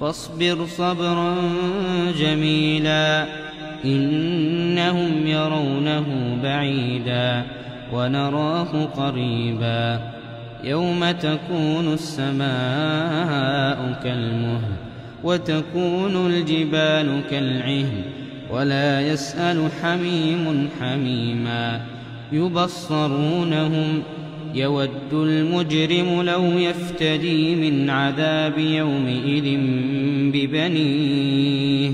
فاصبر صبرا جميلا إنهم يرونه بعيدا ونراه قريبا يوم تكون السماء كالمهل وتكون الجبال كالعهن ولا يسأل حميم حميما يبصرونهم يود المجرم لو يفتدي من عذاب يومئذ ببنيه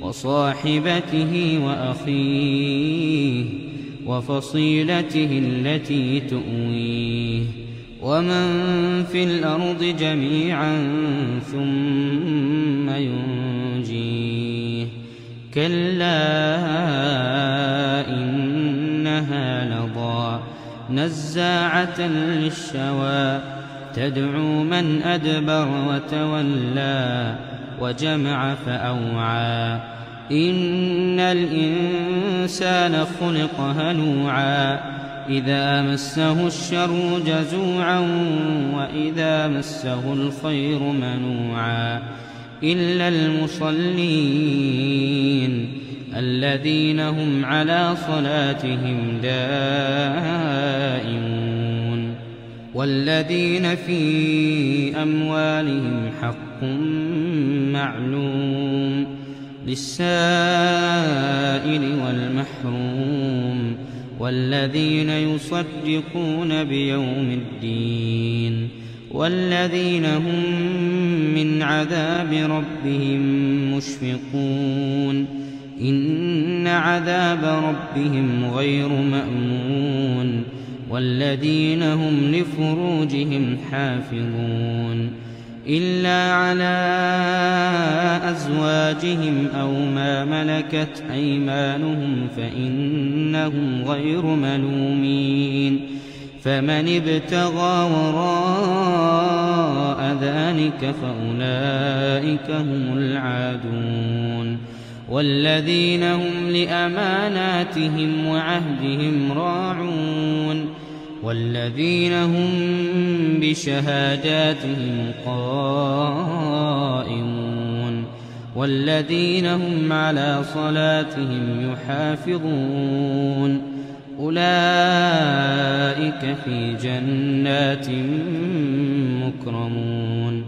وصاحبته وأخيه وفصيلته التي تؤويه ومن في الأرض جميعا ثم ينجيه كلا إن نزاعة للشوى تدعو من أدبر وتولى وجمع فأوعى إن الإنسان خلق هلوعا إذا مسه الشر جزوعا وإذا مسه الخير منوعا إلا المصلين الذين هم على صلاتهم دائمون والذين في أموالهم حق معلوم للسائل والمحروم والذين يصدقون بيوم الدين والذين هم من عذاب ربهم مشفقون إن عذاب ربهم غير مأمون والذين هم لفروجهم حافظون إلا على أزواجهم أو ما ملكت أيمانهم فإنهم غير ملومين فمن ابتغى وراء ذلك فأولئك هم العادون والذين هم لأماناتهم وعهدهم راعون والذين هم بشهاداتهم قائمون والذين هم على صلاتهم يحافظون أولئك في جنات مكرمون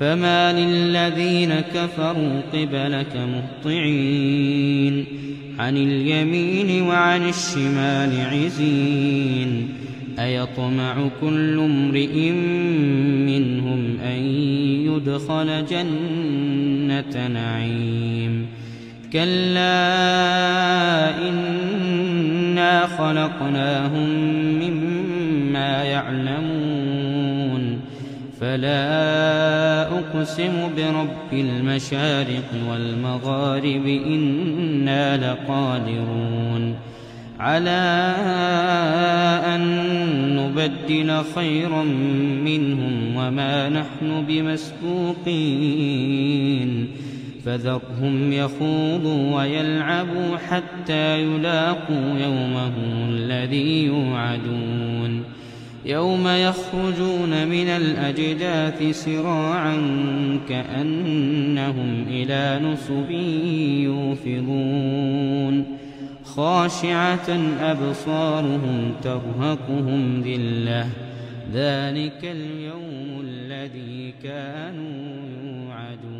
فما للذين كفروا قبلك مهطعين عن اليمين وعن الشمال عزين أيطمع كل امرئ منهم أن يدخل جنة نعيم كلا إنا خلقناهم مما يعلمون فلا أقسم برب المشارق والمغارب إنا لقادرون على أن نبدل خيرا منهم وما نحن بمسبوقين فذرهم يخوضوا ويلعبوا حتى يلاقوا يومهم الذي يوعدون يوم يخرجون من الأجداث سراعا كأنهم إلى نصب يوفضون خاشعة أبصارهم ترهقهم ذلة ذلك اليوم الذي كانوا يوعدون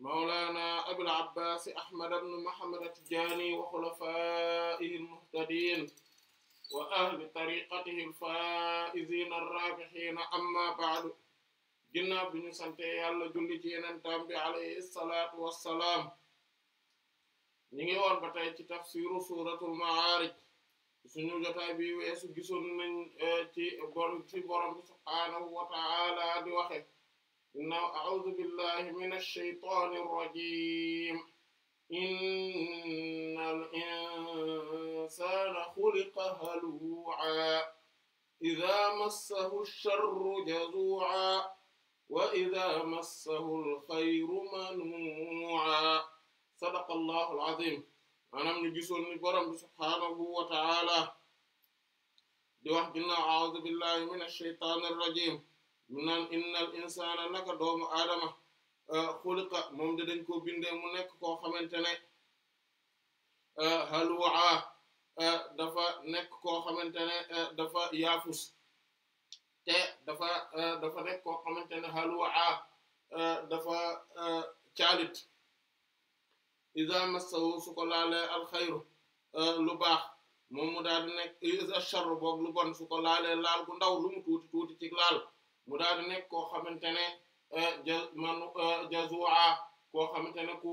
مولانا أبو العباس أحمد بن محمد الجاني وخلفائه المهتدين وأهل طريقته الفائزين الرابحين أما بعد جنا بن سنتي الله جل جينا عليه الصلاة والسلام نيجي وان بتاعي تفسير سورة المعارج suñu jotaay bi wessu من nañ ci borom ci borom subhanahu wa إن أعوذ بالله من الشيطان الرجيم إن الإنسان خلق هلوعا إذا مسه الشر جزوعا وإذا مسه الخير منوعا صدق الله العظيم أنا من gisoon ni سبحانه وتعالى subhaanahu أعوذ بالله من الشيطان الرجيم mu naan innal insana naka doomu aadama uh, xuliqa moom de dañ koo bindee mu nekk koo xamante ne uh, halwaa dafa uh, nekk ko xamante ne dafa yaafus te dafa dafa nekk koo xamante ne halwaa dafa caalit iza massahu su ko laalee alxayru lu baax moom mu daal di nekk iza sharru boog lu bon su ko laal gu ndaw lu mu tuuti tuuti ci laal mu daal ne nekk koo xamante ne eh, ja eh, jazua koo xamante ne ku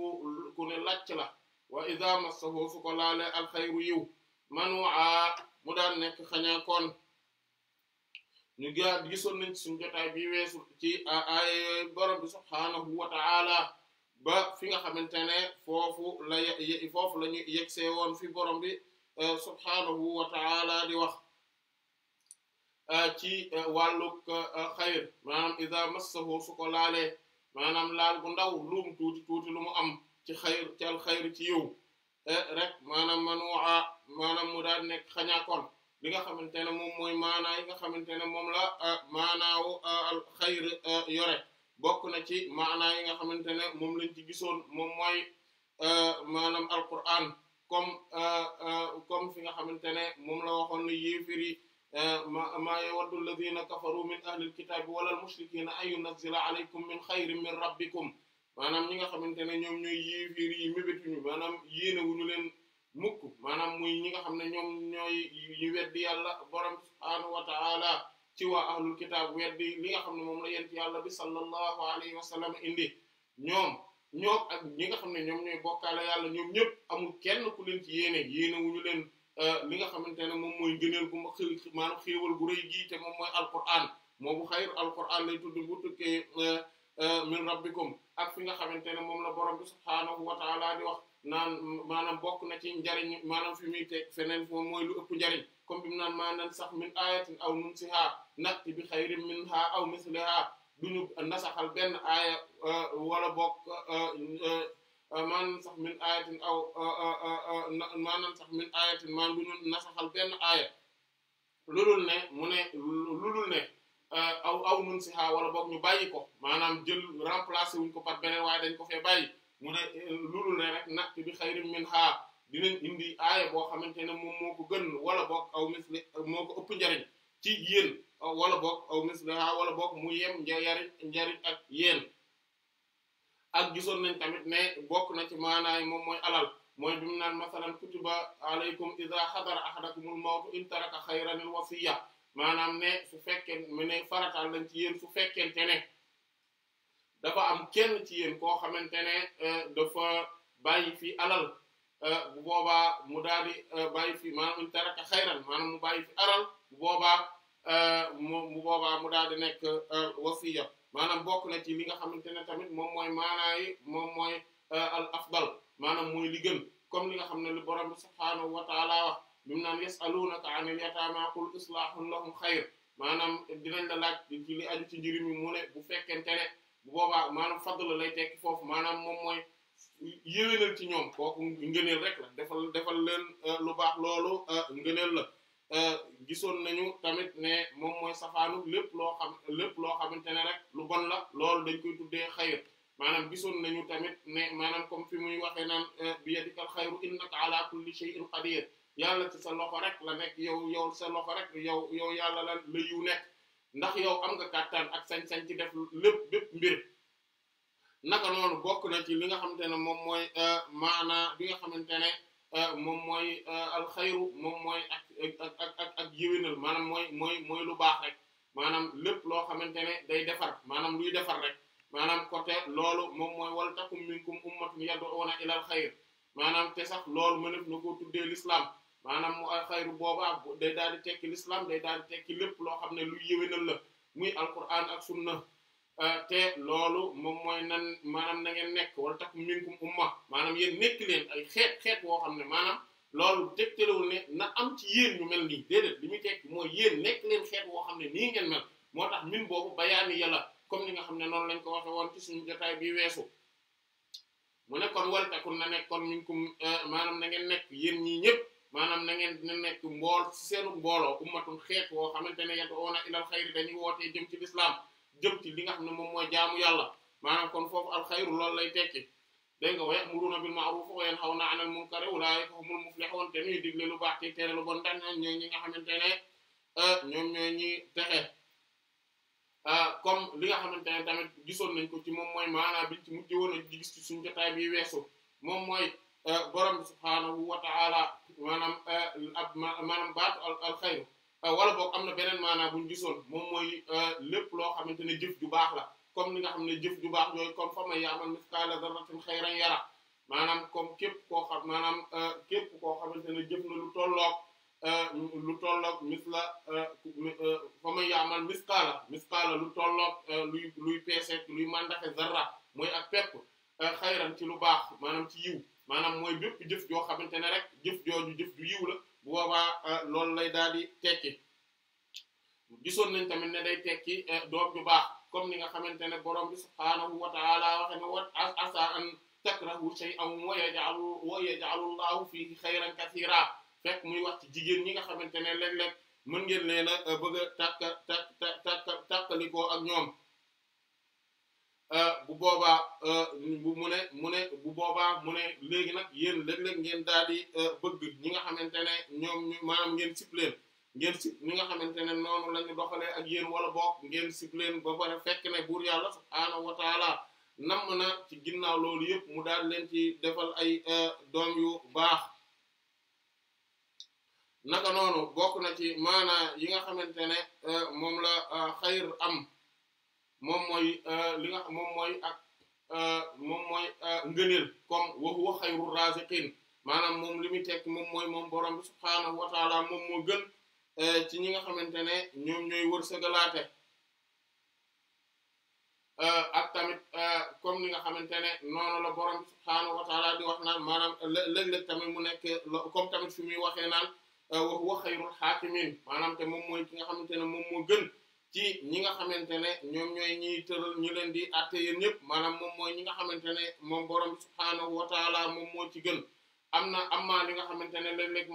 ku ne lacc la wa idha massahu su ko laale alxayru yiw manua mu daal nekk xañaakoon ñu gaa gisoon nañ suñu jotaay bi weesu ci ay borom bi subhaanahu wa ta'ala ba fi nga xamante ne foofu la foofu la ñu woon fi borom bi eh, subhaanahu wa ta'ala di wax ci wàllug xayr maanaam iza massahu su ko laalee maanaam laal bu ndaw luum tuuti tuuti lu mu am ci xayr ci al xayr ci yow e, rek manam manua mu daal nekk xañaakoon li nga xamante ne moom mooy maanaa yi nga xamante ne moom la maanaawu al xayr yore bokk na ci maanaa yi nga xamante ne moom lañ ci gisoon moom mooy e, maanaam alquran comme e, comme fi nga xamante ne moom la waxoon ne yéefiri ما ما يود الذين كفروا من أهل الكتاب ولا المشركين أن ينزل عليكم من خير من ربكم maanaam ñi nga xamante ne ñoom ñooy yéeféer yi mébétuñu maanaam yéenewuñu leen mukk maanaam muy ñi nga xam ne ñoom ñooy ñu weddi yàlla borom subhaanahu wa ta'ala ci waa ahlul kitaab weddi li nga xam ne moom la yent yàlla bi sallallahu alayhi wa sallam indi ñoom ñoom ak ñi nga xam ne ñoom ñooy bokkaale yàlla ñoom ñëpp amul kenn ku leen ci yéene yéenewuñu leen li euh, nga xamante ne moom mooy ngëneel gu ma maanaam xéewal gu rëy gii te moom mooy alquran moobu xayr alquran lay tudd bu tukkee euh, euh, min rabbikum ak fi nga xamante ne moom la borom bi subhaanahu wa di wax naan maanaam bokk na ci njariñ maanaam fi muy teg feneen moom mooy lu ëpp njariñ comme bi mu naan maanaam sax min ayatin aw nunsiha natti bi xayrin minha aw misliha duñu nasaxal benn aaya wala bokk Euh, maanaam sax min ayatin aw euh, euh, maanaam sax min ayatin maanaam du ñu nasaxal benn aaya lulul ne mu ne lu lulul ne aw aw nun si xaa wala boog ñu bàyyi ko maanaam jël remplacer wuñ ko par beneen waaye dañ ko fee bàyyi mu ne lulul ne rek nag bi xayrim min xaa dinañ indi aaya boo xamante ne moom moo ko gën wala boog aw misli moo ko ëpp njariñ ci yéen wala boog aw misli xaa wala boog mu yem njariñ njariñ ak yéen ak gisoon nañ tamit ne bokk na ci maanaay moom mooy alal mooy bi mu naan masalan kutuba alaykum idha hadara ahadakumul mawtu in taraka khayran al wasiya maanaam ne su fekkee mu ne farataal lañ ci yéen su fekkente ne dafa am kenn ci yéen koo xamante ne dafa bàyyi fi alal bu boobaa mu daal di bàyyi fi maanaam in taraka khayran maanaam mu bàyyi fi alal bu boobaa mu bu boobaa mu daal di nekk wasiya maanaam bokk na ci li nga xamante ne tamit moom mooy maanaa yi moom mooy euh, al afdal maanaam mooy li gën comme li nga xam ne lu borom bi subhaanahu wa taala wax bi mu naan yasaluunaka anil yataama xayr maanaam dinañ la laaj ci li aju ci njëriñ mi mu ne bu fekkente ne bu boobaa maanaam fadl lay tekki foofu maanaam moom mooy yéwénal ci ñoom kooku ngëneel rek la defal defal leen euh, lu baax loolu euh, ngëneel la Euh, gisoon nañu tamit ne moom mooy safaanu lépp loo xam lépp loo xamante ne rek lu bon la loolu da koy tuddee xayr maanaam gisoon nañu tamit ne maanaam comme fi muy waxee naan euh, bi yadikal xayru innaka ala kulli shay'in qadir yàlla ci sa loxo rek la nekk yow yow sa loxo rek yow yow yàlla la la yu nekk ndax yow am nga kàttan ak sañ-sañ ci def lépp bépp mbir naka noonu bokk na ci li nga xamante ne moom mooy euh, maana bi nga xamante ne Euh, moom mooy euh, alxayru moom mooy ak ak ak ak maanaam mooy mooy mooy lu baax rek maanaam lépp loo xamante ne day defar maanaam luy defar rek maanaam côté loolu moom mooy wal takum minkum ummatun yad'una ilal xayr maanaam te sax loolu mënef na koo tuddee l'islam maanaam mu alxayru booba day daal di tekki l'islam day daal di tekki lépp loo xam ne lu yéwénal la muy alquran ak sunna Euh, te loolu moom mooy nan maanaam na ngeen nekk wala tax minkum umma maanaam yéen nekk leen ay xeet xeet woo xam ne maanaam loolu tegtalewul ne na am ci yéen ñu mel nii déedéet li muy tekki mooy yéen nekk leen xeet woo xam ne nii ngeen mel moo tax min boobu bayaani yàlla comme ni nga xam ne noonu lañ ko waxe woon ci suñu jotaay bi weesu mu nekkoon kon wal takun na nekk kon minkum euh, maanaam na ngeen nekk yéen ñii ñëpp maanaam na ngeen na nekk mbool ci seenu mbooloo ummatun xeet woo xamante ne yad'una ilal xayri dañuy wootee jëm ci lislaam jëm ci li nga xam ne moom mooy jaamu yàlla maanaam kon foofu alxayru lool lay tekki dégg nga wa a bil ma'ruf wa yanhawna 'anil munkari ulaa'ika humul muflihun te ñuy digle lu baax ci tere lu bon daan ñooy ñi nga xamante ne euh, ñoom ñooy ñi texe euh, comme li nga xamante ne tamit gisoon nañ ko ci moom mooy maanaam biñ ci mujj woon a gis bi weesu moom mooy euh, borom bi subhaanahu wa ta'ala maanaam ab maanaam wala boog am na beneen maanaam bu ñu gisoon moom mooy lépp loo xamante ne jëf ju baax la comme ni nga xam ne jëf ju baax yooyu comme fa may ya'mal mithqala dharratin khayran yara maanaam comme képp koo xam maanaam képp koo xamante ne jëf na lu tolloog lu tolloog misla fa may ya'mal mithqala mithqala lu tolloog luy luy peese luy mandaxe zarra mooy ak pepp xayran ci lu baax maanaam ci yiw maanaam mooy bépp jëf joo xamante ne rek jëf jooju jëf ju yiw la bu boobaa ah, loolu lay daal di tekki gisoon nañ tamit ne day tekki eh, doom ju baax comme ni nga xamante ne borom bi subhaanahu wa ta'ala waxe ne wat asa an takrahu shay'an wa yaj'alu wa yaj'alu Allahu fihi xayran katira fekk muy wax ci jigéen ñi nga xamante ne léeg-léeg mën ngeen leen a eh, bëgg a takka takka takka ak ñoom Euh, bu boobaa euh, mu ne mu ne bu boobaa mu ne léegi nag yéen léeg-léeg ngeen daal di euh, bëgg ñi nga xamante ne ñoom ñu maanaam ngeen sib ngeen sib ñi nga xamante ne noonu la ñu doxalee ak yéen wala bokk ngeen sib leen ba pare fekk ne buur yàlla subhaanahu wa taala na ci ginnaaw loolu yëpp mu daal leen ci defal ay doom yu baax naka noonu bokk na ci maana yi nga xamante ne moom la xayr am moom mooy euh, li moom mooy ak euh, moom mooy euh, ngëneel comme wa huwa xayru raziqin maanaam moom li muy tekk moom mooy moom borom bi subhaanahu moom moo gën ci ñi nga xamante ne ñoom ñooy wërsëgalaate ak tamit comme ni nga xamante ne noonu la borom bi subhaanahu wa wax naan maanaam léeg-léeg tamit mu nekk comme tamit fi muy waxee naan wa huwa xayrul xaakimiin maanaam te moom mooy ki nga xamante ne moom moo gën ci ñi nga xamante ne ñoom ñooy ñiy tëral ñu leen di atte yéen ñëpp maanaam moom mooy ñi nga xamante ne moom borom bi subhaanahu wa taala moom moo ci gën am na amma li nga xamante ne léeg-léeg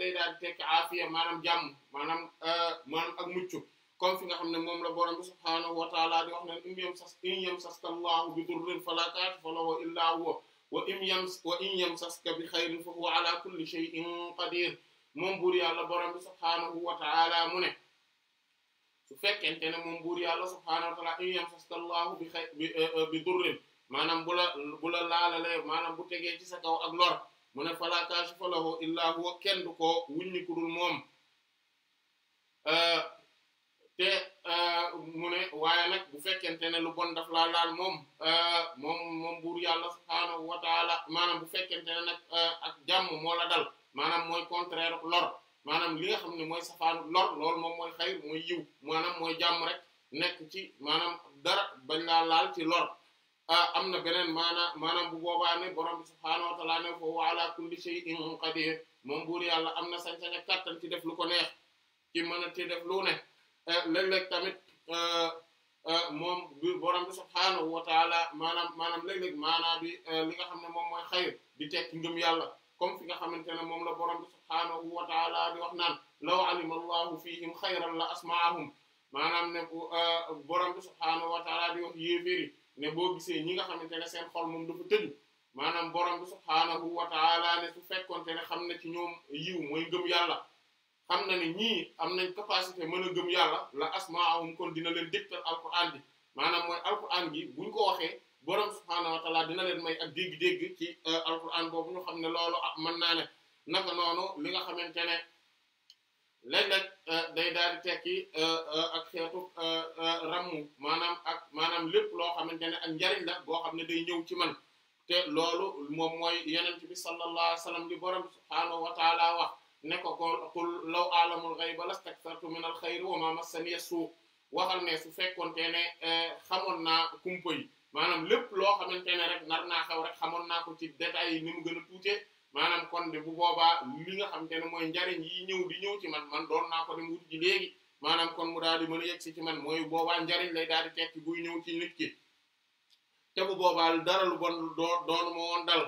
day daal di tekki aafiya maanaam jàmm maanaam euh, maanaam ak mucc comme fi nga xam ne moom la borom bi subhaanahu wa taala di wax ne in yamsas in Allahu bi durrin falaa kaashifa lahu illaa wa in yams wa bi xayrin fa huwa ala kulli shay'in qadir moom buur yàlla borom bi subhaanahu wa taala mu ne su fekkente ne moom buur yàlla subhanahu wa ta'ala in yamsaskallahu bi bi durrin manam bula bula lalale manam bu tege ci sa kaw ak lor mu ne falaa kaashifa lahu illaa huwa kenn du ko wuññi kudul mom euh te euh muné waaye nak bu fekkente ne lu bon daf la lal mom euh mom mom bur yàlla subhanahu wa ta'ala manam bu fekkente ne nag ak jàmm mo la dal manam moy contraire lor maanaam li nga xam ne mooy safaanu lor moom mooy xayr mooy yiw maanaam mooy jàmm rek nekk ci maanaam dara bañ laa laal ci lor ah, am na beneen maanaam maanaam bu boobaa ne borom bi subhaanahu wa ta'aala ne fa huwa alaa kulli shay'in qadir moom buur yàlla am na sañ-sañ ak kàttan ci def lu ko neex ci mën a ci def lu ne eh, léeg-léeg tamit eh, eh, moom bi borom bi subhaanahu wa ta'aala maanaam maanaam léeg bi li nga xam ne moom mooy xayr di tekki ngëm yàlla comme fi nga xamantene mom la borom subhanahu wa taala di wax nan law alima allahu fihim khayran la asmaahum manam ne borom subhanahu wa taala di wax yéeféeri ne bo gisee ñi nga xamantene seen xol mom dafa tëju manam borom subhanahu wa taala ne su fekkonte ne xam ci ñoom yiw moy gëm yàlla xamna ni ñi am nañ capacité meuna gëm yàlla la asmaahum kon dina leen dégtal alquran bi manam moy alquran bi buñ ko waxe borom subhanahu wa taala dina leen may ak deg deg ci alquran boobu ñu xam ne loolu ah, mën naa ne naka noonu li nga xamante ne léeg-léeg euh, day daal di tekki euh, euh, ak xeetu rammu maanaam ak maanaam lépp loo xamante ne ak njariñ la boo xam ne day ñëw ci man te loolu moom mooy yenent bi sallallahu alayhi wa sallam di borom wa taala wax ne ko ko qul law a'lamul ghayba lastakthartu minal khayri wa ma massaniya suu waxal ne su fekkoonte ne xamoon naa kumpa maanaam lépp loo xamante ne rek naar naa xew rek xamoon naa ko ci détails yi ni mu gën tuute maanaam kon de bu boobaa li nga xamante ne mooy njariñ yi ñëw di ñëw ci man man doon naa dem wut ji léegi maanaam kon mu daal di mën a yegg si ci man mooy boobaa njariñ lay daal di tekki buy ñëw ci nit ki te bu boobaa dara lu doo doonu ma woon dal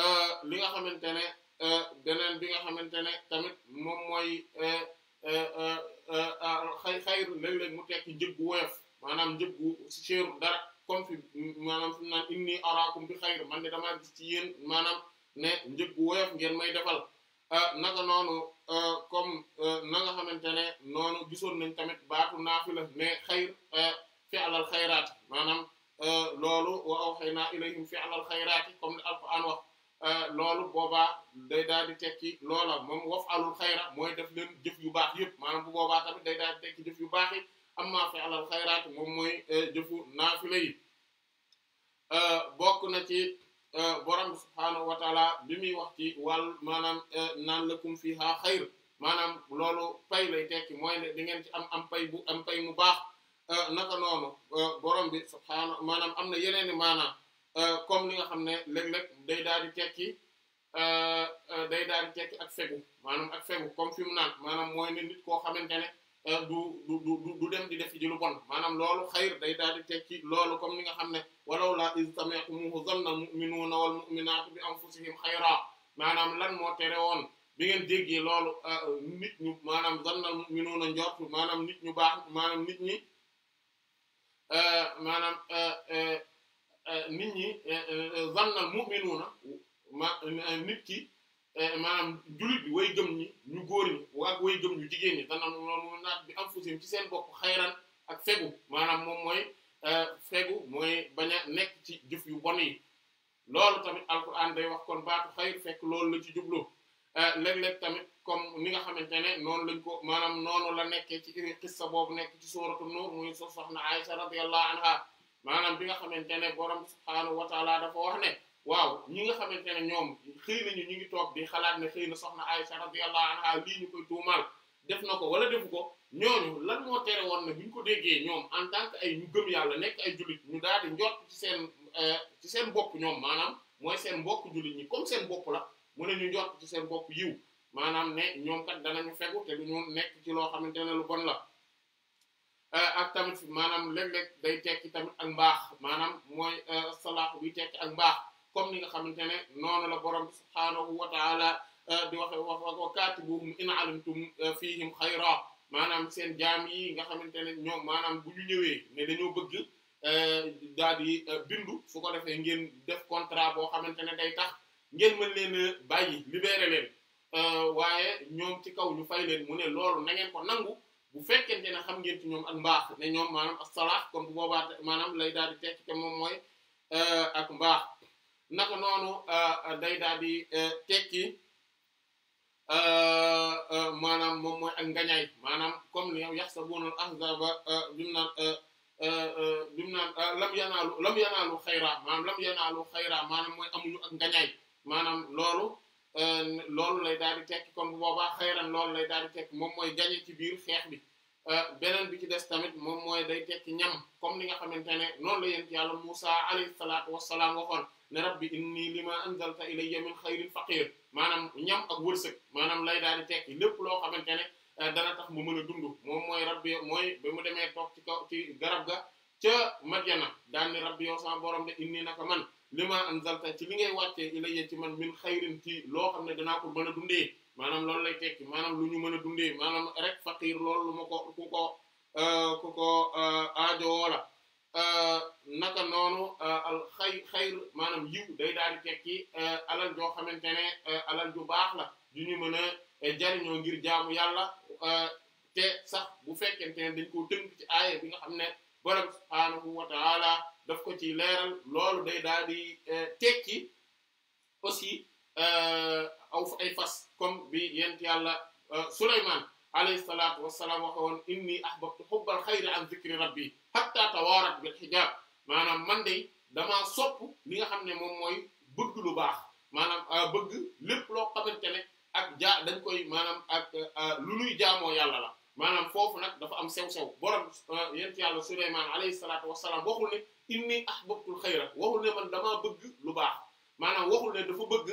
euh, li ne euh, beneen bi nga xamante ne tamit moom mooy euh, xay xayru léeg-léeg mu tekki njëg bu woyof maanaam njëg bu seeru dara comme fi maanaam fi mu naan inni araakum bi man de damaa gis ci yéen maanaam ne njëg bu woyof ngeen may defal euh, naka noonu euh, comme euh, na nga xamante ne noonu gisoon nañ tamit baatu naafila mais xayr fi'lal xayraat maanaam loolu wa fi ilayhim fi'lal xayraat comme ni alquran wax loolu boobaa day daal di tekki loola moom waf'alul xayra mooy def leen jëf yu baax yëpp maanaam bu boobaa tamit day daal di tekki jëf yu baax am amma fi'lal xayraat moom mooy eh, jëfu naafila yi eh, bokk na ci eh, borom bi subhaanahu wa bi muy wax ci wàll maanaam naan lakum fiha xayr maanaam loolu pay lay tekki mooy ne di ngeen ci am am pay bu am pay mu baax naka noonu borom bi subhaanahu maanaam am na yeneen i maanaam comme li nga xam ne léeg-léeg day daal di tekki day daal di tekki ak fegu maanaam ak fegu comme fi mu naan maanaam mooy ne nit koo xamante ne Euh, du du du dem di def ji lu bon maanaam loolu xayr day daal di tekki loolu comme ni nga xam ne walaw laa iz sami'tumuuhu zanna al-mu'minuuna wal-mu'minaatu bi anfusihim xayra maanaam lan moo woon bi ngeen déggee loolu euh, nit ñu maanaam zanna al-mu'minuuna njortu maanaam nit ñu baax maanaam nit ñi euh, maanaam nit ñi zanna al-mu'minuuna nit ki. Eh, maanaam jullit bi way gëm ñi ñu góor ñi ak way gëm ñu jigéen ñi dana loolu naat bi am fusim ci seen bopp xayran ak fegu maanaam moom mooy eh, fegu mooy bañ a nekk ci jëf yu bon yi lool tamit alquran day wax kon baatu xayr fekk loolu la ci jublu eh, léeg-léeg tamit comme ni nga xamante ne noonu lañ ko maanaam noonu la nekkee ci xissa boobu nekk ci suuratu nuur muy sox soxna Aisha radiyallahu anha maanaam bi nga xamante ne borom subhaanahu wa taala dafa wax ne waaw ñi nga xamante ne ñoom xëy nañu ñu ngi toog di xalaat na xëy na soxna Aisha radiyallahu anha lii ñu koy tuumaal def na ko wala defu ko ñooñu lan moo tere woon ne bu ñu ko déggee ñoom en tant que yàlla nekk ay jullit ñu daal di njort ci seen euh, ci seen bopp ñoom maanaam mooy seen mbokk jullit ñi comme seen bopp la mu ñu njort ci seen bopp yiw maanaam ne ñoom kat danañu fegu te du ñu nekk ci loo xamante ne lu bon la euh, ak tamit maanaam léeg-léeg day tekki tamit ak mbaax maanaam mooy euh, salaaxu bi tekki ak mbaax comme ni nga xamante ne noonu la borom bi subhaanahu wa taala euh, di waxe wax wa kaatibuhum in alimtum euh, fihim xayra maanaam seen jaam yi nga xamante ne ñoom maanaam bu ñu ñëwee ne dañoo bëgg euh, daal di bindu su ko defee ngeen def contrat boo xamante ne day tax ngeen mën leen a bàyyi libéré leen waaye ñoom ci kaw ñu fay leen mu ne loolu na ngeen ko nangu bu fekkente ne xam ngeen ñoom ak mbaax ne ñoom maanaam as-salaah comme bu boobaa maanaam lay daal di tekki te moom mooy ak mbaax. naka noonu euh, euh, day daal di euh, tekki maanaam moom mooy ak ngañaay maanaam comme ni yow yaxsabuna al ahzaba bi mu naan bi mu naan lam yanaalu lam yanaalu xayra maanaam lam amuñu ak ngañaay maanaam loolu loolu lay daal di tekki comme bu boobaa xayran loolu lay daal di tekki moom mooy gañe ci biir xeex bi Euh, beneen bi ci des tamit moom mooy day tekki ñam comme ni nga xamante ne noonu la yent yàlla Musa alayhi salaatu wassalaam waxoon ne rabbi inni lima anzalta ilayya min xayrin faqir maanaam ñam ak wërsëg maanaam lay daal di tekki lépp loo xamante ne euh, dana tax mu mën a dund moom mooy rabbi mooy ba mu demee toog ci ci garab ga ca Madyana daan ni rabbi yow sama borom de inni naka man lima anzalta ci li ngay wàccee ilayya ci man min xayrin ci loo xam ne danaa ko mën a dundee maanaam loolu lay tekki maanaam lu ñu mën a dundee maanaam rek faqiir loolu lu ko ku ko euh, ku ko euh, euh, naka noonu al xay xayr maanaam yiw day daal di tekki alal joo xamante ne alal ju baax la ju ñu mën a jariñoo ngir jaamu yàlla te sax bu fekkente ne dañ ko tënk ci aaya bi nga xam ne borom subhaanahu wa taala daf ko ci leeral loolu day daal di tekki aussi Euh, aw ay fas comme bi yent yàlla euh, Souleymane alayhi salaatu wassalaam waxe woon inni ahbabtu hubbal xayri an di maanaam man de damaa sopp li nga xam ne moom mooy bëgg lu baax maanaam euh, bëgg lépp loo xamante ak jaa dañ koy maanaam ak lu luy jaamoo yàlla la maanaam foofu nag dafa am sew-sew borom yent yàlla Souleymane alayhi salaatu wassalaam waxul ne inni ahbabtul xayra waxul ne man damaa bëgg lu baax maanaam waxul ne dafa bëgg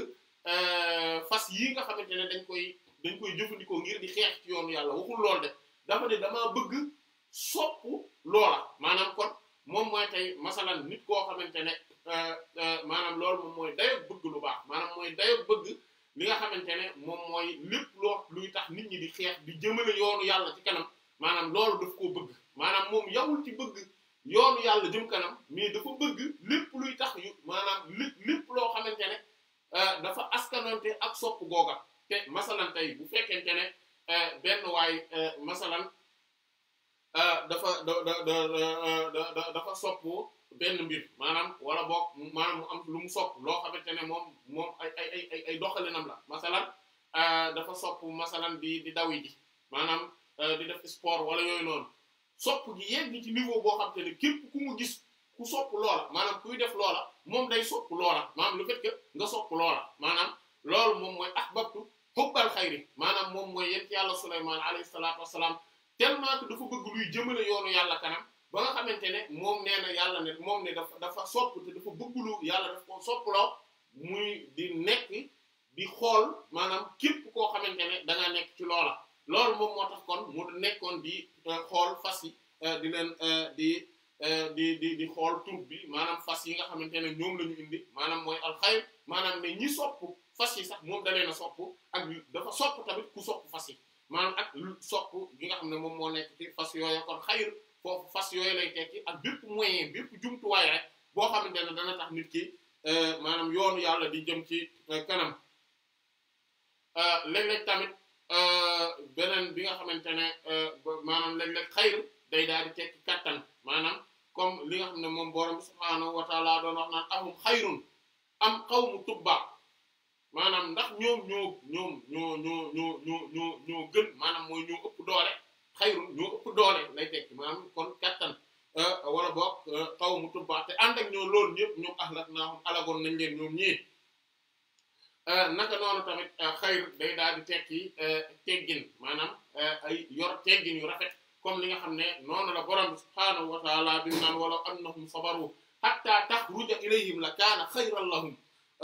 Euh, fas yii nga xamante ne dañ koy dañ koy jëfandikoo ngir di xeex ci yoonu yàlla waxul lool de dafa de damaa bëgg soppu loola maanaam kon moom mooy tey masalan nit koo xamante ne euh, euh, maanaam loolu moom mooy dayoo bëgg lu baax maanaam mooy dayoo bëgg li nga xamante ne moom mooy lépp loo luy tax nit ñi di xeex di yoonu yàlla ci kanam maanaam loolu daf koo bëgg maanaam moom yawul ci bëgg yoonu yàlla jëm kanam mais dafa bëgg lépp luy tax yu maanaam lépp lépp loo xamante ne. Euh, dafa askanante ak sopp googa te masalan tey bu fekkente ne euh, benn waay euh, masalan dafa da dafa sopp benn mbir maanaam wala boog maanaam lu mu sopp loo xamante ne moom moom ay ay ay ay doxalinam la masalan dafa sopp masalan di di dawi ji maanaam di def sport wala yooyu noonu sopp gi yegg ci niveau boo xam te ne képp ku mu gis ku sopp loola maanaam kuy def loola moom day sopp loola maanaam le fait nga sopp loola maanaam loolu moom mooy ahbabtu hubbal xayri maanaam moom mooy yent yàlla Sulaymaan alayhi salaatu wassalaam tellement que dafa bëgg luy jëmale yoonu yàlla kanam ba nga xamante ne moom nee yàlla ne moom ne dafa dafa sopp te yàlla daf ko sopploo muy di nekk di xool maanaam képp koo xamante ne da nekk ci loola loolu moom moo tax kon mu nekkoon di euh, xool fas yi euh, di leen euh, di Euh, di di di xool tur bi maanaam fas yi nga xamante ne ñoom lañu ñu indi maanaam mooy alxayr maanaam ne ñi sopp fas yi sax moom da leen sopp ak dafa sopp tamit ku sopp fas yi maanaam ak sopp nga xam ne moom moo nekk ci fas yooyu fas yooyu lay tekki ak bépp moyen bépp boo xamante ne dana tax nit ki euh, maanaam yoonu yàlla di jëm ci euh, kanam léeg beneen bi nga xamante ne maanaam léeg-léeg xayr day daal di kattan. maanaam comme li nga xam ne moom borom subhaanahu wa taala doon wax naan ahum xayrun am qawmu tubba maanaam ndax ñoom ñoo ñoom ñoo ñoo ñoo ñoo ñoo ñoo gën maanaam mooy ñoo ëpp doole xayrun ñoo ëpp doole lay tekki maanaam kon kattan euh, wala boog qawmu euh, tubba te ànd ñoo loolu ñëpp ñu ahlaknaahum alagoon nañ leen ñoom ñii euh, naka noonu tamit xayr day daal di tekki teggin maanaam ay yor teggin yu rafet comme li nga xam ne noonu la borom bi subhaanahu wa taala bi mu naan walaw annahum sabaru hatta taxruja ilayhim la kaana xayran lahum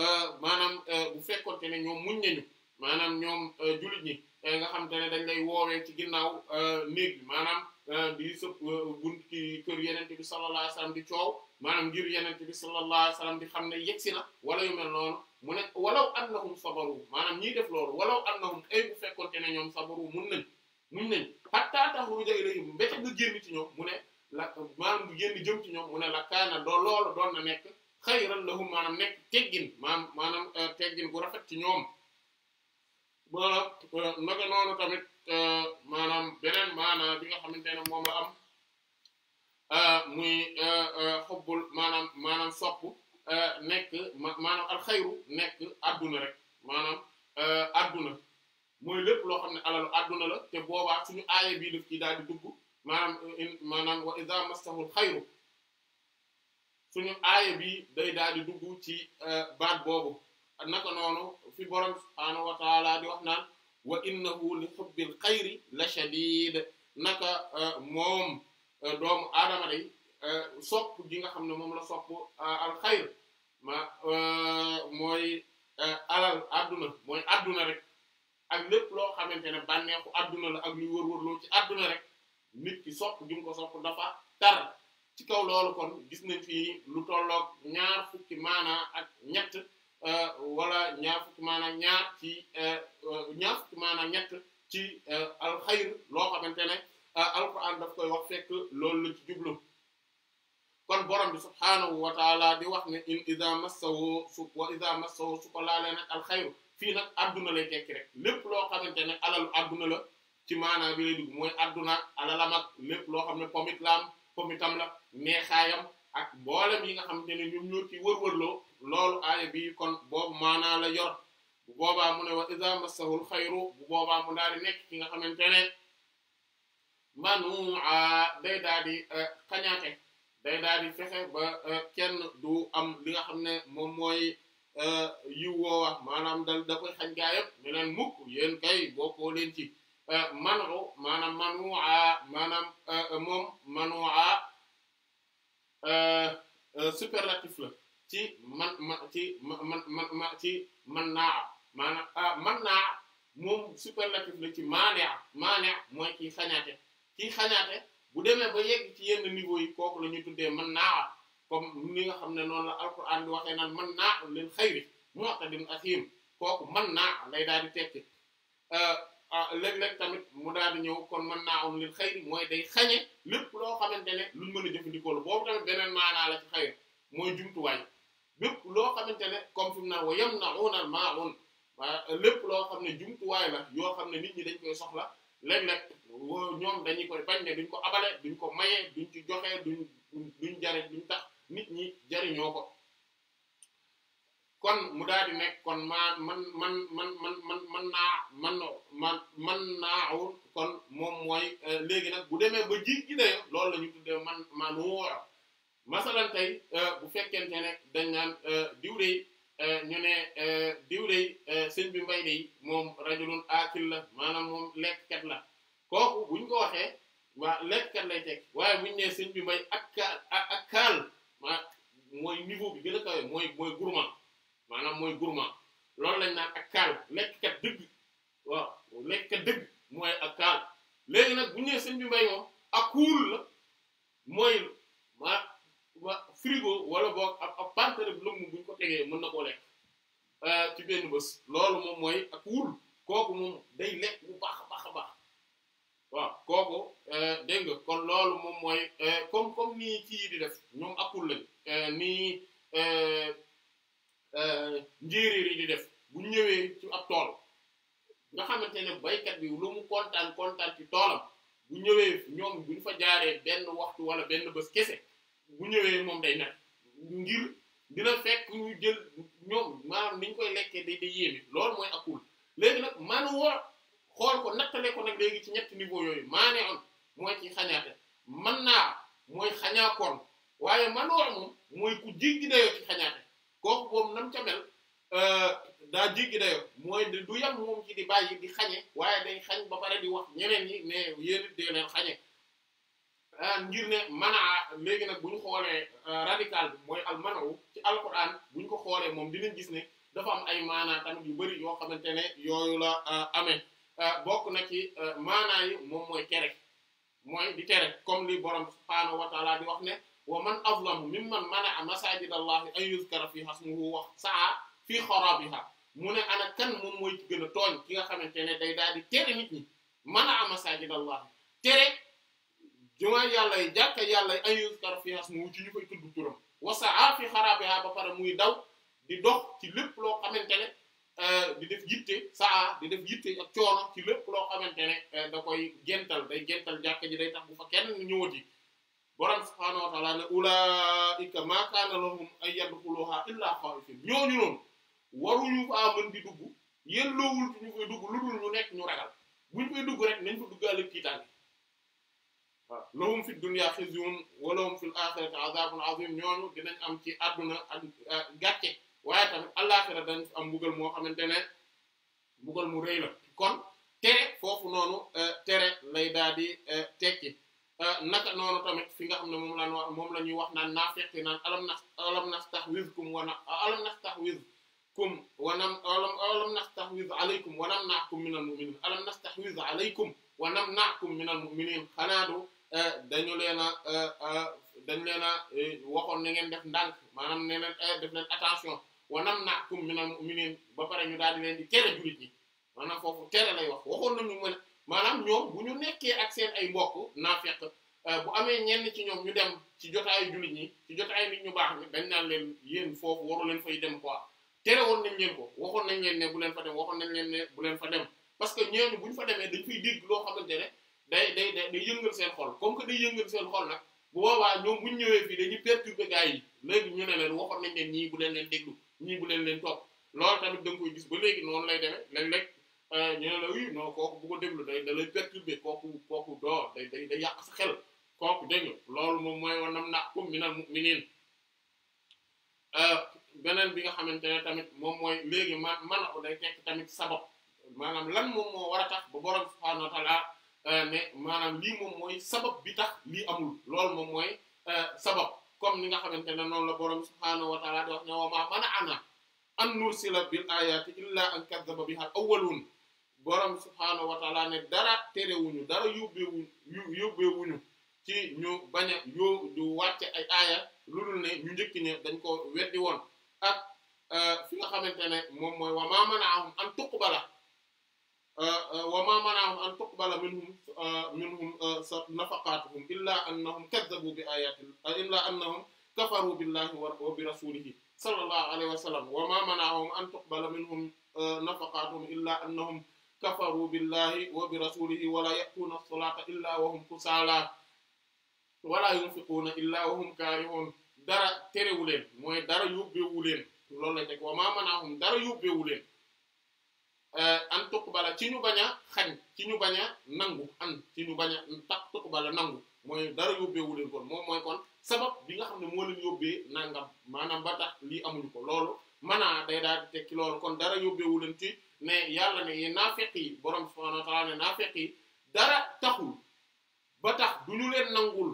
euh, maanaam euh, bu fekkoonte ne ñoom muñ nañu maanaam ñoom euh, jullit ñi nga xam te ne dañ lay woowee ci ginnaaw néeg bi maanaam di sëpp bunt ki kër yenente bi sallallahu alayhi wasallam di coow ngir yenente bi sallallahu alayhi wasallam di xam ne yegsi na wala yu mel noonu mu ne walaw annahum maanaam ñiy def loolu walaw annahum ay ñoom sabaru mu nañ muñ nañ hatta taxruja ilayhim mbete nga génn ci ñoom mu ne la maanaam nga génn jëm ci ñoom mu ne la kaana loolu doon na nekk xayran lahum maanaam nekk teggin euh, bu rafet ci ñoom ba euh, naka noonu tamit euh, maanaam beneen maanaam bi nga moom la am muy xubbul maanaam maanaam sopp nekk maanaam alxayru nekk adduna rek xam ne la boobaa suñu aaya bii di dugg maanaam maanaam wa iza day daal di dugg ci euh, baat boobu naka noonu fi borom subhaanahu wa taala di wax naan wa innahu li xubbil xayri la shadid naka euh, moom euh, doomu aadama day sopp gi nga xam ne moom la sopp al xayr mooy alal adduna mooy adduna rek ak lépp loo xamante ne bànneexu àdduna la ak luy wër-wër loo ci adduna rek nit sopp gi mu ko sopp dafa tar ci kaw loolu kon gis nañ fi lu tolloog ñaar fukki maanaa ak ñett euh, wala ñaar fukki maanaa ñaar ci euh, ñaar fukki ñett ci euh, alxayr loo xamante ne alquran daf koy wax fekk loolu bi wax ne in ida fii nag adduna la tekki rek lépp loo xamante ne alalu adduna la ci maanaam bi lay dugg mooy adduna alalam ak loo xam ne pomit laam pomitam la neexaayam ak mboolem yi nga xam ne ñoom ñoo ci wërwërloo loolu aaya bi kon boobu maanaa la yor bu boobaa mu ne wa iza massahul xayru bu boobaa mu daal di nekk ki nga xam ne manua day daal di euh, day daal di fexe ba euh, kenn du am li nga xam ne moom mooy Euh, yiw woowa maanaam dal da koy xañ gaa yëpp ñu naan mukk yéen kay bokkoo leen ci euh, manu maanaam manua maanaam euh, moom manua superlatif la ci man ma ci man man ci man naa maanaam man naa moom superlatif la ci maanea maanea mooy ci xañaate ci xañaate bu demee ba yegg ci yenn niveau yi kooku la ñu tuddee man naa comme ni nga xam ne noonu la alquran di waxee naan man naa leen xayri mu'tadin asiim kooku man naa lay daal di tekki euh, ah, léeg-léeg tamit mu daal di ñëw kon man naa am um leen xayri mooy day xañe lépp loo xamante ne luñ mën a jëfandikoo la boobu tamit beneen maanaa la mooy jumtuwaay lépp loo xamante ne comme fi mu naan wa yamna'una al-ma'un lépp loo xam ne jumtuwaay la yoo xam ne nit ñi dañ koy soxla léeg-léeg ñoom dañuy koy bañ ne duñ ko abale duñ ko maye duñ ci joxe duñ duñ jare duñ tax nit ñi jariñoo ko kon mu daal nekk kon maa man man man man man man naa man man man naawul kon moom mooy euh, léegi nag bu demee ba ji gi dayo loolu la ñu tuddee man man wóora tey euh, bu fekkente ne dañ naan euh, diw dey ñu ne diw dey sëñ bi mbay dey moom rajulun akil la maanaam moom lekkkat la kooku buñ ko waxee waa lekkkat lay teg waaye buñ ne sëñ bi mbay ak kaal maanaam mooy niveau bi gën a mooy mooy gourmand maanaam mooy gourmand loolu lañ naan ak kaal lekkkat dëgg waaw lekkkat dëgg mooy ak kaal léegi nag bu ñëwee sëñ bi mbay moom ak kuul la mooy frigo wala boog ab ab pantere bu lëmm buñ ko tegee mën na koo lekk euh, ci benn bés loolu moom mooy ak wul kooku moom day lekk bu baax a baax a baax waaw kooku Euh, dégg nga kon loolu moom mooy euh, comme comme nii kii di def ñoom akul lañ euh, nii njéeréer yi di def bu ñëwee ci ab tool nga xamante ne baykat bi lu kontaan kontaan ci toolam bu ñëwee ñoom fa jaaree benn waxtu wala benn bés kese bu ñëwee moom day nag ngir dina fekk ñu jël ñoom maanaam ni ñu koy lekkee day day yéeme loolu mooy akul nag man woo xool ko léegi ci ñetti niveau yooyu maanee on mooy ci xañaate man naa mooy xañaakoon waaye manoo moom mooy ku jéggi ci xañaate kooku boobu nam ca mel euh, daa jéggi dayoo mooy du yam moom ci di bàyyi di xañe waaye day xañ ba pare di wax ñeneen yi ne yéen it dee leen xañe ah, ngir ne manaa léegi nag bu xoolee euh, radical bi mooy al manawu ci alquran buñ ko xoolee moom dinañ gis ne dafa am ay maanaa tamit yu bari yoo xamante ne yooyu la euh, amee bokk na ci maanaa yi moom mooy kere mooy di tere comme lii borom subhaanahu wa taala di wax ne wa man azlamu mimman mana'a masajid allahi an yuzkara fi hasmuhu wa sa'a fi xarabiha mu ne ana kan moom mooy ci gën a tooñ ki nga xamante ne day daal di tere nit ñi am masajid allahi tere jumaa yàlla yi jàkka yàlla yi an yuzkara fi hasmuhu ci ñu koy tudd turam wa sa'a fi xarabiha ba pare muy daw di dox ci lépp loo xamante ne Euh, di def yitte saa di def yitte ak coono ci lépp loo xamante ne euh, da koy gental day gental jàkka ji day tax bu fa kenn ñëwati borom subhaanahu wa ta'aala ne ulaa'ika maa kaana lahum an yadxuluhaa illaa xaa'ifiin ñooñu noonu waruñu faa mën di ñu koy dugg lu dul ñu nekk ñu ragal buñ koy dugg rek nañ fa duggaale kiitaan waaw lahum fi dunya khizyun wa lahum fil aaxirati azaabun aziim ñooñu dinañ am ci àdduna ak euh, gàcce. waye tam alakhirah dañ am mbugal mo xamantene ne mbugal mu reey la kon tere fofu nonu euh tere lay daal euh tekki euh naka nonu tamit fi nga xamne mom moom la moom la ñuy wax nan naa fekk naan alam na alam nastahwizkum wa na alam nastahwizkum wa nam alam alam nastahwiz alaykum wa namna'kum minal mu'minin alam nastahwiz alaykum wa namna'kum minal mu'minin xanaa du dañu leen a dañu leen a waxoon na ngeen def ndànk maanaam nee nañ def leen attention. wanam na kum minam minin ba pare ñu daal di leen di tere jullit ñi maanaam foofu tere lay wax waxoon nañu mën maanaam ñoom bu ñu nekkee ak seen ay mbokk naafeq euh, bu amee ñenn ci ñoom ñu dem ci jotaayu jullit ñi ci jotaayu nit ñu baax ni dañ naan leen yéen foofu waru leen fay dem quoi tere woon nañ leen ko waxoon nañ leen ne bu leen fa dem waxoon nañ leen bu leen fa dem parce que ñooñu bu ñu fa demee dañ fay dégg loo xamante ne day day day day yëngal seen xol comme que day yëngal seen xol nag bu boobaa ñoom bu ñu ñëwee fii dañuy perturber gars yi léegi ñu ne leen waxoon nañ leen ñii bu leen leen déglu nii bu leen leen topp loolu tamit da koy gis ba léegi noonu lay demee léeg-léeg euh, ñu ne la oui kooku bu ko déglu day da lay perturber kooku kooku doo day day day yàq sa xel kooku déglu loolu moom mooy wa nam naqum minal mu'minin euh, beneen bi nga xamante ne tamit moom mooy léegi man man a tamit sabab maanaam lan moo war a tax ba borom subhaanahu wa euh, maanaam lii moom mooy sabab bi tax lii amul loolu moom mooy sabab comme ni nga xamante ne noonu la borom subhaanahu wa ta'ala di wax ne wa maa mana'ana an nursila bil ayati illa an kazzaba biha awwalun borom subhaanahu wa ta'ala ne dara terewuñu dara yóbbeewuñu yóbbeewuñu ci ñu bañ a wàcce ay aaya lu dul ne ñu njëkk dañ ko weddi woon ak euh, fi nga xamante ne moom mooy wa maa mana'ahum an tuqbala آه، آه، وماما نعم أن تقبل منهم آه، منهم نفقاتهم إلا أنهم كذبوا بآيات إلا أنهم كفروا بالله وبرسوله صلى الله عليه وسلم وما منعهم أن تقبل منهم نفقاتهم إلا أنهم كفروا بالله وبرسوله ولا يأتون الصلاة إلا وهم كسالى ولا ينفقون إلا وهم كارهون دار تريولين موي دار يوبيولين لولا تك وما منعهم دار يوبيولين Eh, an tuqbala ci ñu bañ a xañ ci ñu nangu an ci ñu tak tuqbala nangu mooy dara yóbbeewu leen kon moom mooy kon sabab bi nga xam ne moo leen yóbbee nangam maanaam ba tax lii amuñu ko loolu manaa day daal tekki loolu kon dara yóbbeewu leen ci ne yàlla ne yéen naafeq yi borom subhanahu wa ta'ala ne naafeq dara taxul ba tax du leen nangul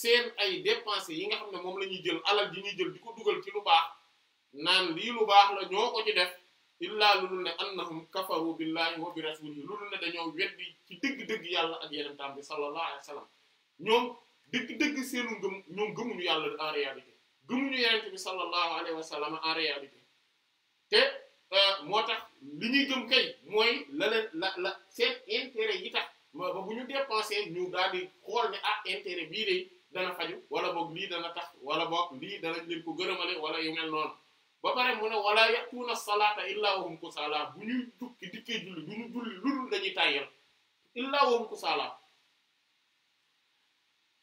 seen ay dépenses yi nga xam ne moom jël alal ñuy jël di ko ci lu baax naan lii lu baax la ci def illaa lu dul ne annahum kafaru billahi wa bi rasulihi lu dul ne dañoo weddi ci dëgg-dëgg yàlla ak yenentaan bi sallallahu alayhi wa sallam ñoom dëgg-dëgg seenu ngëm ñoom gëmuñu yàlla en réalité gëmuñu yenente bi sallallahu alayhi wa sallam en réalité te euh, moo tax li ñuy gëm kay mooy la leen la la seen intérêt yi tax ba bu ñu dépensé ñu daal xool ne ah intérêt bii de dana faju wala boog lii dana tax wala boog lii danañ leen ko gërëmale wala yu mel noonu ba pare mu ne wala yatuuna salaata illaa wahum kusaala bu ñuy dukki dikkee julli bu ñu julli ludul dañuy tàyyal illaa wahum kusaala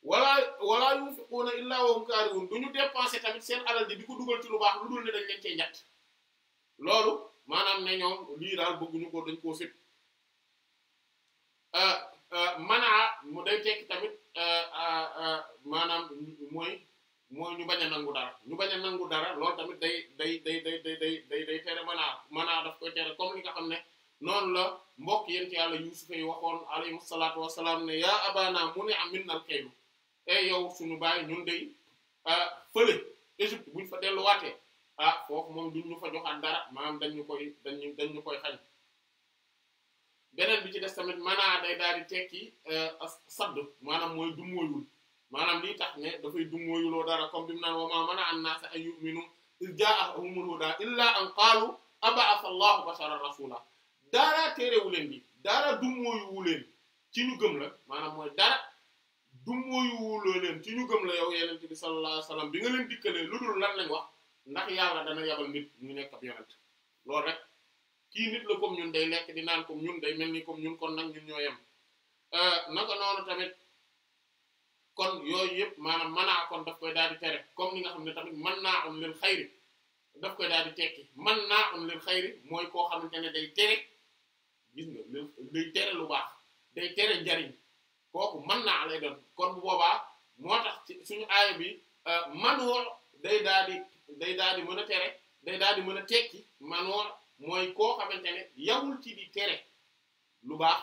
wala wala yunfiquuna illaa wahum kaarihuun du ñu dépenser tamit seen alal di di ko dugal ci lu baax ludul ne dañ leen cee loolu maanaam ne ñoom lii daal bëgguñu ko dañ koo sét euh, euh, manaa mu day tekki tamit euh, maanaam mooy mooy ñu bañ a nangu dara ñu bañ a nangu dara loolu tamit day day day day day day day day tere manaa manaa daf koy tere comme li nga xam ne noonu la mbokk yéen yàlla yusufa waxoon alayhi salaatu wassalaam ne yaa abana muni'a minnal kaylu ey eh, yow suñu bàyyi ñun day ah, fële Égypte buñ fa delluwaatee ah foofu moom duñ ñu fa joxaat dara maanaam dañ ñu koy dañ ñu dañ ñu koy xañ beneen bi ci des tamit manaa day daal di tekki eh, sadd maanaam mooy du mooyul maanaam lii tax ne dafay dummóoyuloo dara comme bi mu naan wa maa mana an naasa an yu'minu iz jaa'ahumul huda illaa an qaalu ab'atha allahu basharan rasula daaraa téerewu leen bi daara dummóoyuwu leen ci ñu gëm la maanaam mooy dara dummóoyuwuloo leen ci ñu gëm la yow yenente bi sallallahu alayhi wasallam bi nga leen dikkalee lu dul lan lañ wax ndax yàlla dana yabal nit ñu nekk ab yonent loolu rek kii nit la comme ñun day lekk di naan comme ñun day mel ni comme ñun kon ñoo yem euh, naka noonu tamit kon yooyu yëpp maanaam manaa kon daf koy daal di tere comme ni nga xam ne tamit mën naa am um lil xayri daf koy daal di tekki mën naa am um lil xayri mooy koo xamante ne day tere gis nga day tere lu baax day tere njariñ kooku mën naa lay kon bu boobaa moo tax ci suñu aaya bi euh, manoor day daal di day daal di mën a tere day daal di mën a tekki manoor mooy koo xamante ne yawul ci tere lu baax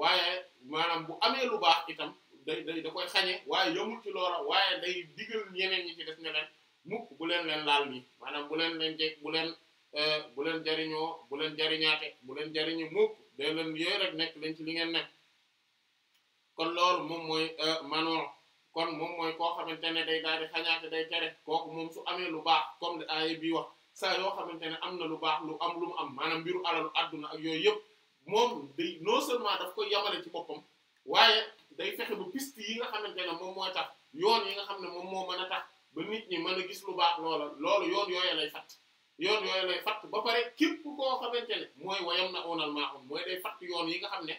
waaye maanaam bu amee lu baax itam day day da koy xañe waaye yomul ci loola waaye day digal ñeneen ñi ci des ne leen mukk bu leen leen laal nii maanaam bu leen leen jeg bu leen euh, bu leen jariñoo bu leen jariñaate bu leen jariñu mukk day leen yooyu rek li ngeen nekk kon loolu moom mooy euh, manoo kon moom mooy koo xamante ne day daal di day tere kooku moom su amee lu baax comme li bi wax saa yoo xamante ne am na lu baax lu am lu mu am mbiru alalu àdduna ak yooyu yëpp moom day non seulement daf koy yamale ci boppam waaye day fexe ba piste yi nga xamante ne moom moo tax yoon yi nga xam ne moom moo mën a tax ba nit ñi mën a gis lu baax loola loolu yoon yooyu lay fatt yoon yooyu lay fatt ba pare képp koo xamante ne mooy wayam na onal mooy day yoon yi nga xam ne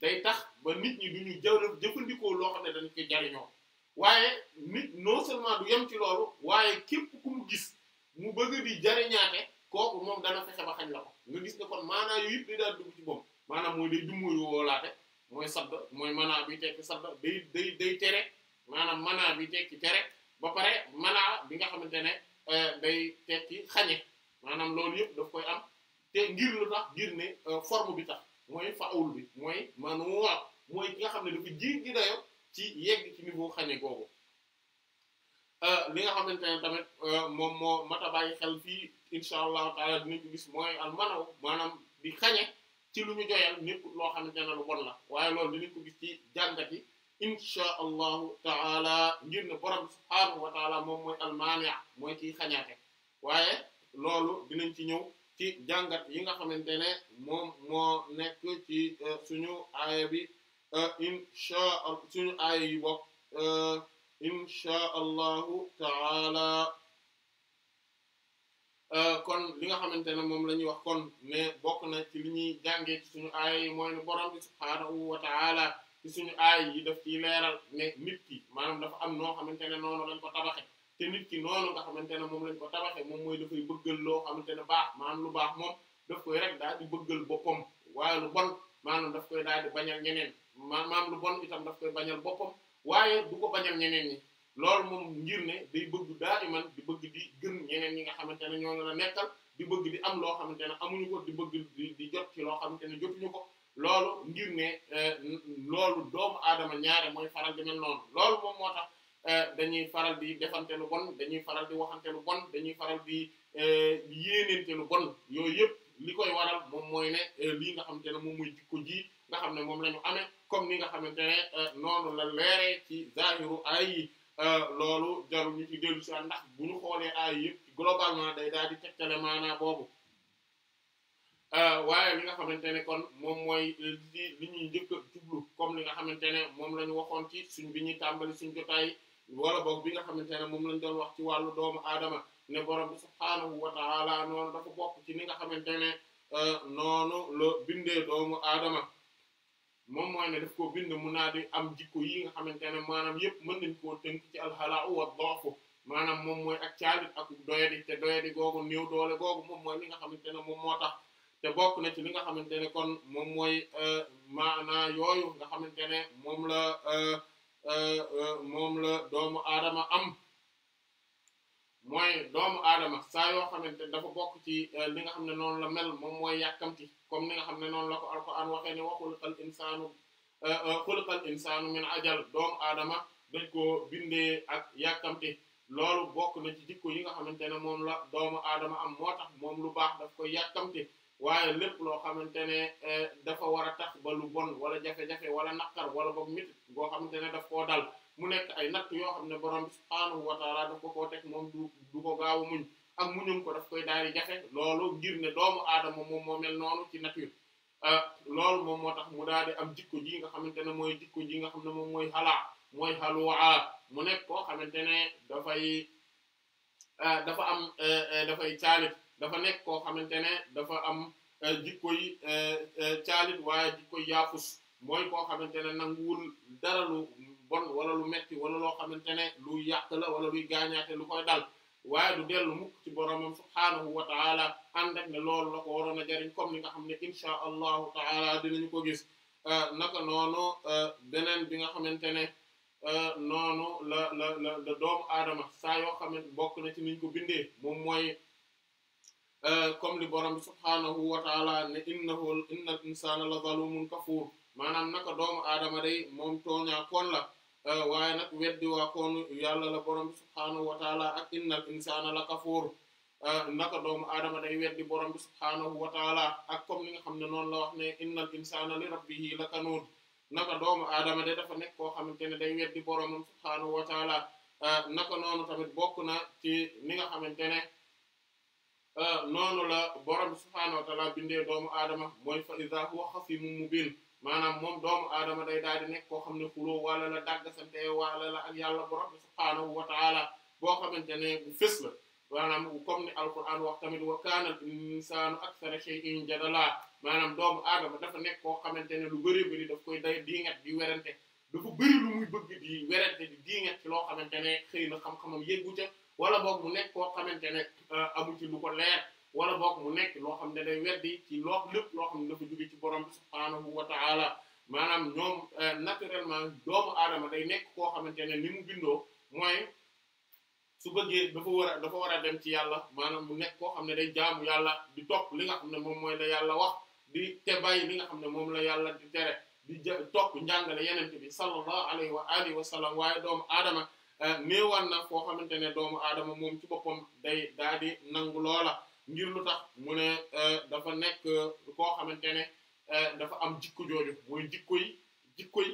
day tax ba nit ñi duñu jël jëfandikoo loo xam ne dañ ko jariñoo waaye nit non seulement du yem ci loolu waaye képp ku mu gis mu bëgg di jariñaate kooku moom dana fexe ba xañ la ko nga gis ne kon maanaam yooyu yëpp day daal dugg ci moom maanaam mooy day dumóoyu woolaate mooy sadda mooy manaa bi tekki sadda day day day tere maanaam manaa bi tekki tere ba pare manaa bi nga xamante ne euh, day tekki xañe maanaam loolu yëpp daf koy am te ngir lu tax ngir ne euh, forme bi tax mooy faawul bi mooy manwa mooy ki nga xam ne dafa jéggi dayo ci yegg ci niveau xañe googu euh, li nga xamante ne tamit moom moo mat a bàyyi xel fii incha allahu taala dinañ ko gis mooy al manaw maanaam di xañe ci lu ñu joyal nekk loo xamante ne lu bon la waaye loolu dinañ ko gis ci jàngat yi incha allahu taala ngir ne borom subhaanahu wa taala moom mooy almaania mooy ciy xañaate waaye loolu dinañ ci ñëw ci jàngat yi nga xamante ne moom moo nekk ci euh, suñu aaya bi euh, incha suñu aaya yi bokk euh, incha allahu taala Euh, kon li nga xamante ne moom la ñuy wax kon ne bokk na ci li ñuy jàngee ci suñu aay yi mooy ne borom bi subhaanahu wa ta'ala ci suñu aay yi daf ciy leeral ne nit ki maanaam dafa am noo xamante ne noonu lañ ko tabaxe te nit ki noonu nga xamante ne moom lañ ko tabaxe moom mooy dafay bëggal loo xamante ne baax maanaam lu baax moom daf koy rek daal di bëggal boppam waaye lu bon maanaam daf koy daal di bañal ñeneen maanaam lu bon itam daf koy bañal boppam waaye du ko bañal loolu moom ngir ne day bëgg daa iman di bëgg di gën ñeneen ñi nga xamante ne ñoo la nekkal di bëgg di am loo xamante ne amuñu ko di bëgg di jot ci loo xamante ne jotuñu ko loolu ngir ne eh, loolu doomu aadama ñaare mooy faral di mel noonu moo tax eh, dañuy faral di defante lu dañuy faral di waxante lu bon dañuy faral di eh, yéeneente lu bon yooyu yëpp li koy waral moom mooy ne lii nga xamante ne moom mooy jikko ji nga xam ne moom la ñu amee comme ni nga xamante ne noonu la leeree ci zahiru ay Euh, loolu jarul ñu ci dellu si ndax bu ñu xoolee aay yëpp globalement day daal di tegtale maanaa boobu euh, waaye li nga xamante ne kon moom mooy li ñuy njëkk a jublu comme li nga xamante ne moom la ñu waxoon ci suñ bi ñuy tàmbali suñ jotaay wala boog bi nga xamante ne moom lañ doon wax ci wàllu doomu aadama ne borom bi subhaanahu wa ta'ala noonu dafa bokk ci ni nga xamante ne euh, noonu la bindee doomu aadama. moom mooy ne daf koo bind mun naa am jikko yi nga xamante ne maanaam yëpp mën nañ koo tënk ci alxalaau wa doofu maanaam moom mooy ak caalit ak doyadi te doyadi googu niw doole googu moom mooy li nga xamante ne moom moo tax te bokk na ci li nga xamante ne kon moom mooy euh, maanaa yooyu nga xamante ne moom la euh, euh, moom la doomu aadama am mooy doomu aadama saa yoo xamante dafa bokk ci euh, li nga xam ne noonu la mel moom mooy yàkkamti comme ni nga xam ne noonu la ko alquran waxee ne wa xuliqal insaanu euh, euh, xuliqal insaanu a ajal doomu aadama dañ ko binde ak yàkkamti loolu bokk na ci dikko yi nga xamante ne moom la doomu aadama am moo tax moom lu baax daf koy yàkkamti waaye lépp loo xamante ne dafa war a tax ba lu bon wala jafe-jafe wala naqar wala boog mit boo xamante ne daf koo dal mu nekk ay natt yoo xam ne borom bi subhaanahu wa taala daf ko koo teg moom du du ko gaaw a muñ ak muñum ko daf koy daal di jafe loolu gir ne doomu aadama moom moo mel noonu ci nature ah, loolu moom moo tax mu daal di am jikko ji nga xamante ne mooy jikko ji nga xam ne moom mooy xalaa mooy xaluwaa mu nekk koo xamante ne dafay ah, dafa am eh, eh, dafay caalit dafa nekk koo xamante ne dafa am eh, jikko yi caalit waaye jikko yaafus mooy koo xamante ne nanguwul daralu bon wala lu metti wala loo xamante ne lu yàq la wala luy gaañaate lu koy dal waaye du dellu mukk ci boromam subhaanahu wa taala ànd ne loolu la ko waroon a jariñ comme nga xam ne insha allahu taala ko gis euh, naka noonu euh, bi nga xamante ne euh, noonu la bokk na ci niñ ko moom mooy comme li borom bi wa taala ne innahu inna al insana la zalumun kafur maanaam naka doomu aadama day moom tooñaa koon la Euh, waaye nag weddi waa koonu yàlla la borom bi subhaanahu wa taala ak innal insaana la kafuur euh, naka doomu aadama day weddi borom bi subhaanahu wa taala xam ne noonu la wax ne innal insaana li rabbihi la naka doomu aadama de dafa nekk koo xamante ne day weddi boromam subhaanahu euh, noonu tamit bokk na ci ni nga xamante ne noonu la borom bi subhaanahu wa taala bindee doomu aadama mooy fa iza huwa xasimun mubin maanaam moom doomu aadama day daal di nekk koo xam ne xuloo wala la dagg sante wala la ak yàlla borom subhaanahu wa taala boo xamante ne bu fës la maanaam comme ni alquran wax tamit wa kaana al insaanu akthara shay'in jadala maanaam doomu aadama dafa nekk koo xamante ne lu bëri bëri daf koy day diingat di werante dafa bëri lu muy bëgg di werante di diingat ci loo xamante ne xëy na xam-xamam yeggu ca wala moo mu nekk koo xamante ne euh, amu ci lu ko wala boog mu nekk loo xam ne day weddi ci loo lépp loo xam ne dafa jóge ci borom bi subhaanahu wa ta'ala maanaam ñoom euh, naturellement doomu aadama day nekk koo xamante ne ni mu bindoo mooy su bëggee dafa war a dafa war a dem ci yàlla maanaam mu nekk koo xam ne day jaamu yàlla di topp li nga xam moom mooy la yàlla wax di te bàyyi nga xam ne moom la yàlla di tere di topp njàngale yenente bi sallallahu alayhi wa alihi wa sallam waaye doomu aadama euh, néewaan na koo xamante ne doomu aadama moom ci boppam day daa di nangu loola ngir lu tax mu ne dafa nekk koo xamante ne dafa am jikko jooju mooy jikko yi jikko yi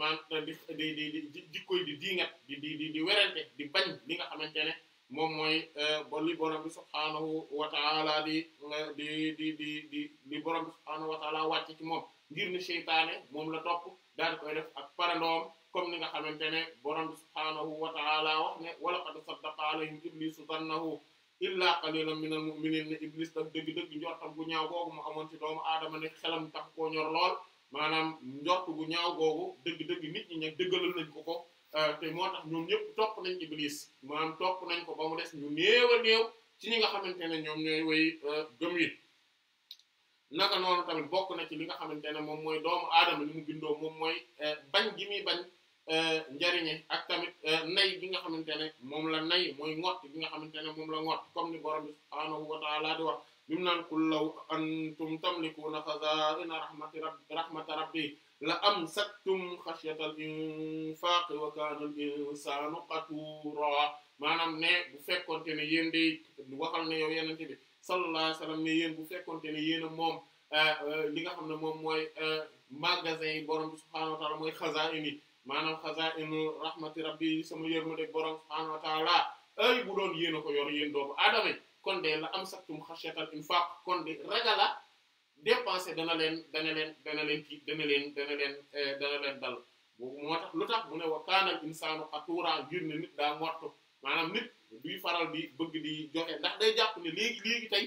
man di di di jikko di diingat di di di bañ li nga xamante ne moom mooy ba li borom bi subhaanahu wa taala di di di di di li borom bi subhaanahu wa moom ngir ne seytaane moom la topp daal koy def ak parandoom comme ni nga xamante ne borom bi subhaanahu wa wax ne wa laqad saddaqa alayhim iblisu zannahu illaa qalilan minal mu'minin ne iblis tam dëgg-dëgg njortam bu ñaaw googu mu amoon ci doomu aadama ne xelam tax koo ñor lool maanaam njort bu ñaaw googu dëgg-dëgg nit ñi ñag dëggalal nañ ko ko euh, te moo tax ñoom ñëpp topp nañ iblis maanaam topp nañ ko ba mu des ñu néew a ci ñi nga xamante ne ñoom ñooy way euh, gëm yi naka noonu tamit bokk na ci li nga xamante ne moom mooy doomu aadama li mu bindoo moom mooy euh, bañ gi muy bañ Euh, njariñe ak tamit euh, nay bi nga xamante ne moom la nay mooy ngott bi nga xamante ne moom la ngott comme ni borom bi subhaanahu wa ta'ala di wax bi mu naan qul law antum tamlikuuna xazaa'ina rahmati rabbi rahmata rabbi la amsaktum xashyata al infaaq wa kaana al insaanu qatuuraa maanaam ne bu fekkonte ne yéen day waxal ne yow yenente bi sallallahu alayhi wa sallam ne yéen bu fekkonte ne yéen a moom euh, li nga xam ne moom mooy magasin yi borom bi subhaanahu mooy xazaa'ini maanaam xazaa'inu rahmati rabbi yi sama yërmande borom subhaanahu wa ta'aala ay bu doon yéen a ko yor yéen doomu kon de la am saktum xashyatal infaq kon de ragala dépenser dana leen dana leen kii dana leen eh, dal lu tax mu ne wa kaanal insaanu qatuura ngir ne nit daa mortu maanaam nit duy faral di bëgg di joxe ndax day jàpp ne léegi léegi tey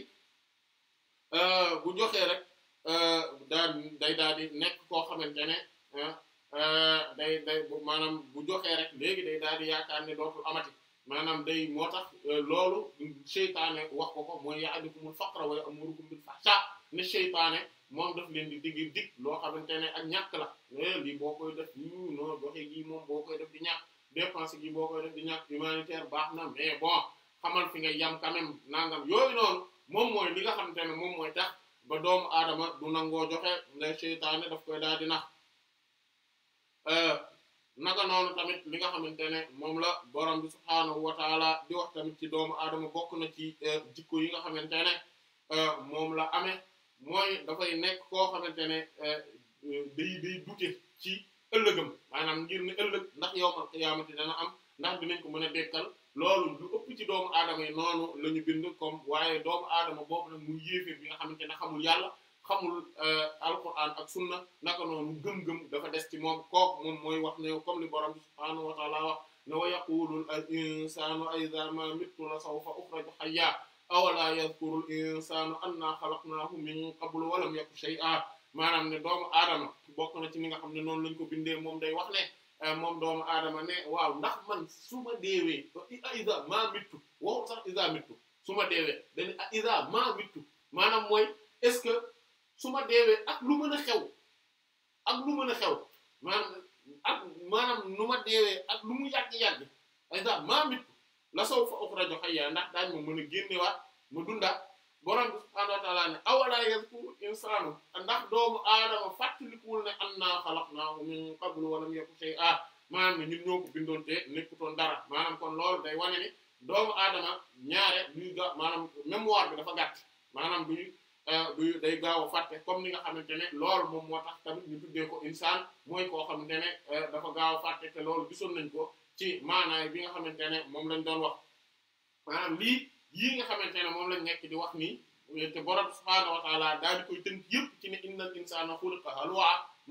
eh, bu joxee rek eh, daa day daal nekk koo xamante ne ah, Euh, day day maanaam bu joxee rek léegi day daal di yaakaar ne dootul amati maanaam day moo tax euh, loolu seytaane wax ko ko mooy ya'idukumul faqra wa ya'murukum bil fahsha ne seytaane moom daf leen di digg dig loo xamante ne ak ñàkk la eh, lii boo koy def ñu doxe gi moom boo koy def di ñàkk dépense gi boo koy def di ñàkk humanitaire baax na mais bon xamal fi nga yam quand même nangam yooyu noonu moom mooy li nga xamante ne moom mooy tax ba doomu aadama du nangoo joxe nday seytaane daf koy daal di nax Euh, naka noonu tamit li nga xamante ne moom la borom bi subhaanahu wa di wax tamit ci doomu aadama bokk na ci euh, jikko yi nga xamante ne euh, moom la ame mooy dafay nekk koo xamante ne day day dute ci ëllëgam maanaam ngir ne ëllëg ndax yawmal qiyaamati dana am ndax dinañ ko mën a dekkal loolu lu ëpp ci doomu aadama yi noonu la ñu bind comme waaye doomu aadama boobu nag muy yéeféer bi nga xamante ne xamul yàlla xamul euh, alquran ak sunna naka noonu gëm-gëm dafa des ci moom kook moom mooy wax ne comme li borom subhaanahu wa taala wax ne wa yaqulul insanu aidha ma mittu la sawfa ukhraju hayya awala yadhkurul insanu anna khalaqnahu min qablu walam yaku shay'a maanaam ne doomu aadama bokk na ci ni nga xam ne noonu lañ ko bindee moom day wax ne euh, moom doomu aadama ne waaw ndax man su ma deewee aidha ma mittu waxul sax aidha mittu su ma deewee dañu aidha ma mittu maanaam mooy est-ce que su ma deewee ak lu mën a xew ak lu mën a xew maanaam ak nu ma deewee ak lu mu yàgg-yàgg ay da maa mit la sow fa uxrajo xayya ndax daañ ma mën a ma dunda borom bi subhaanahu wa ta'ala ne awala yazkuru insaanu ndax doomu aadama fàttalikuwul ne annaa xalaqnaahu min qablu wa lam yaku shay'a maanaam ne ñun ñoo ko bindoon nekkutoon dara maanaam kon loolu day wane ni doomu aadama ñaare duñu ga maanaam mémoire bi dafa gàtt maanaam duñu du euh, day gaaw a fàtte comme ni nga xamante ne lool moom moo tax tamit ñu tuddee ko insaan mooy koo xamante ne euh, dafa gaaw a fàtte te loolu gisoon nañ ko ci maanaay bi nga xamante ne moom lañ doon wax maanaam lii nga xamante ne moom lañ nekk di wax nii te borom subhaanahu wa taala daal di koy tënk yëpp ci ne innal insaana xuliqa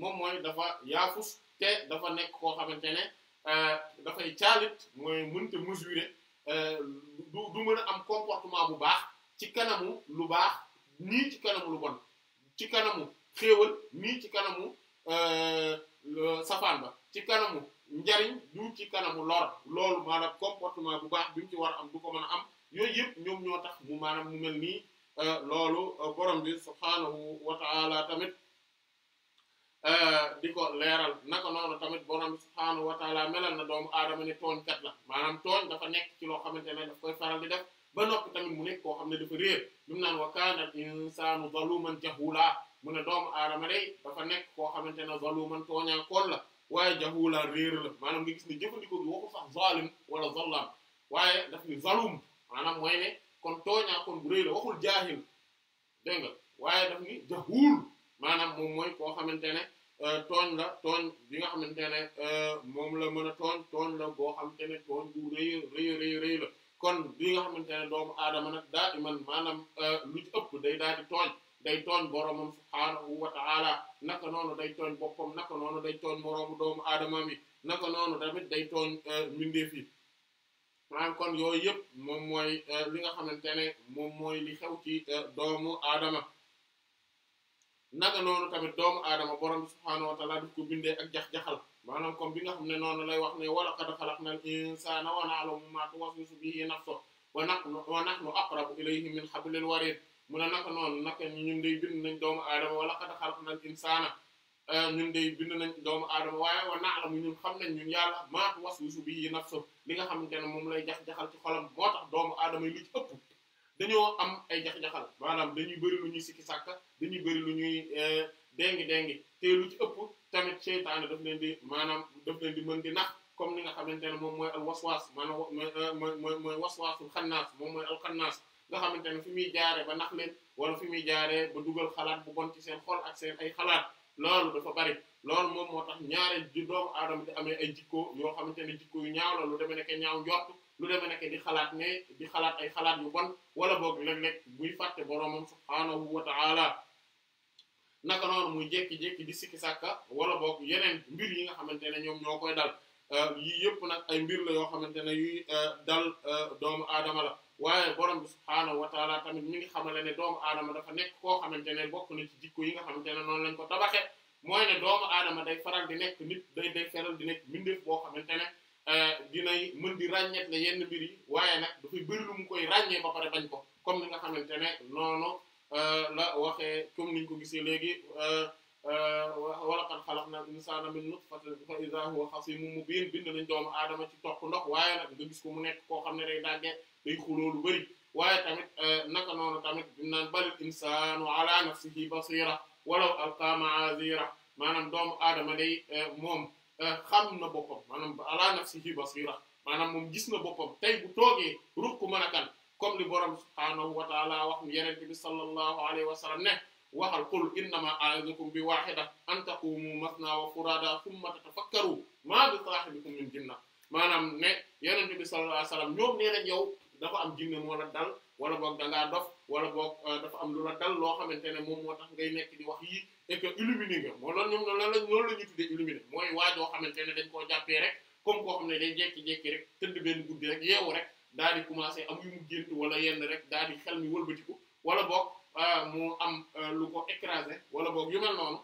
moom mooy dafa yaafus te dafa nekk koo xamante ne euh, dafay caalit mooy mënta mesurer du du mën a am comportement bu baax ci kanamu lu baax nii ci kanamu lu bon ci kanamu xéewal nii ci kanamu euh, euh, safaan ba ci kanamu njariñ du ci kanamu lor loolu maanaam comportement bu baax bi ci war a am du ko mën a am yooyu yëpp ñoom ñoo tax mu maanaam mu mel nii euh, loolu borom bi subhaanahu wa ta'ala tamit di ko leeral naka noonu tamit borom bi subhaanahu wa ta'ala melal na doomu aadama ne tooñkat la maanaam tooñ dafa nekk ci loo xamante ne daf koy faral di def ba noppi tamit mu nekk koo xam ne dafa réer li mu naan wa kaana insaanu zaluman jahula mu ne doomu aadama day dafa nekk koo xamante ne zaluman tooñaakoon la waaye jahula réer la maanaam nga gis ne jëfandikoo bi waxu sax zalim wala zallam waaye daf ni zalum maanaam mooy ne kon tooñaakoon bu réer la waxul jaahil dégg nga waaye daf ni jahul maanaam moom mooy koo xamante ne euh, tooñ la tooñ bi nga xamante ne euh, moom la mën a tooñ tooñ la boo xamante ne tooñ bu rëy rëy la kon li nga xamante ne doomu aadama nag daa iman maanaam euh, lu ëpp day daal di tooñ day tooñ boromam subhaanahu wa ta'ala naka noonu day tooñ boppam naka noonu day tooñ doomu aadama mi naka noonu tamit day tooñ euh, mbindeef yi kon yooyu yëpp moom mooy euh, li nga xamante ne moom mooy li xew ci doomu aadama naka noonu tamit doomu aadama borom subhaanahu wa ta'ala daf ko bindee ak jax-jaxal maanaam comme bi nga xam ne noonu lay wax ne wa laqad xalaqnal insaana wa na'lamu maa tuwaswisu bihi nafsuhu wa nahnu wa nahnu aqrabu ilayhi min hablil warid mu ne noonu naka ñun day bind doomu aadama wa laqad xalaqnal insaana euh, ñun day bind nañ doomu aadama waaye wa na'lamu ñun xam nañ ñun yàlla maa tuwaswisu bihi nafsuhu li nga xam ne moom lay jax-jaxal ci xolam moo tax doomu aadama yi lu ci ëpp am ay jax-jaxal maanaam dañuy bëri lu ñuy sikki sàkka dañuy bëri lu ñuy euh, déngi déngi te lu ci ëpp tamit seytaane daf leen di maanaam di nax comme ni nga xamante ne moom mooy al waswaas maanaam euh, mooy mooy mooy waswaasul xannaas moom mooy al xannaas nga xamante ne fi muy jaaree ba nax leen wala fi muy jaaree ba dugal xalaat bu bon ci seen xool ak seen ay xalaat loolu dafa bari loolu moom moo tax ñaare di doomu aadama di amee ay jikko yoo xamante ne jikko yu ñaaw la lu demee nekk ñaaw njort lu demee nekk di xalaat ne di xalaat ay xalaat yu bon wala boog léeg-léeg buy fàtte boromam subhaanahu naka noonu muy jékki-jékki di sikki sàkka wala boog yeneen mbir yi nga xamante ne ñoom ñoo koy dal euh, yii yëpp nag ay mbir la yoo xamante ne yuy euh, dal euh, doomu aadama la waaye borom bi wa taala tamit mi ngi ne doomu aadama dafa nekk koo xamante ne bokk na ci jikko yi nga xamante ne noonu lañ ko tabaxe mooy ne doomu aadama day faral di nekk nit day day faral di nekk mbindeef boo xamante ne dinay mën di ràññeet la yenn mbir waaye nag dafay bëri lu mu koy ràññee ba pare bañ ko comme ni nga xamante ne noonu Euh, la waxee comme niñ ko gisee léegi euh, euh, wa laqad xalaqnal insaana min nutfatin fa izaa huwa xasiimun mubiin bind nañ doomu aadama ci toq ndox waaye nag nga gis ko mu nekk koo xam ne day dàgge day xuloo bari waaye tamit naka noonu tamit bi naan balil insaanu ala nafsihi basiira wala alqaa ma'aaziira maanaam doomu aadama day moom xam na boppam maanaam ala nafsihi basiira maanaam moom gis na boppam tey bu toogee ruq mën a kan comme li borom subhaanahu wa taala wax yeneen bi sallallahu alayhi wa sallam ne waxal qul innama a'izukum bi wahida an taqumu masna wa furada thumma tatafakkaru ma bi saahibikum min jinna maanaam ne yeneen bi sallallahu alayhi wa sallam ñoom nee nañ yow dafa am jinne wala la dal wala boog dangaa dof wala boog euh, dafa am lu la dal loo xamante ne moom moo tax ngay nekk di wax yii et que illuminé nga moo loolu ñoom loolu la loolu la ñu tuddee illuminé mooy waajoo xamante ne dañ koo jàppe rek comme koo xam ne day jekki-jekki rek tëdd benn guddi rek yeewu rek daal di commencé am yu mu gént wala yenn rek daal di xel mi wëlbatiku wala boog euh, mu am euh, lu ko écrasé wala boog yu mel noonu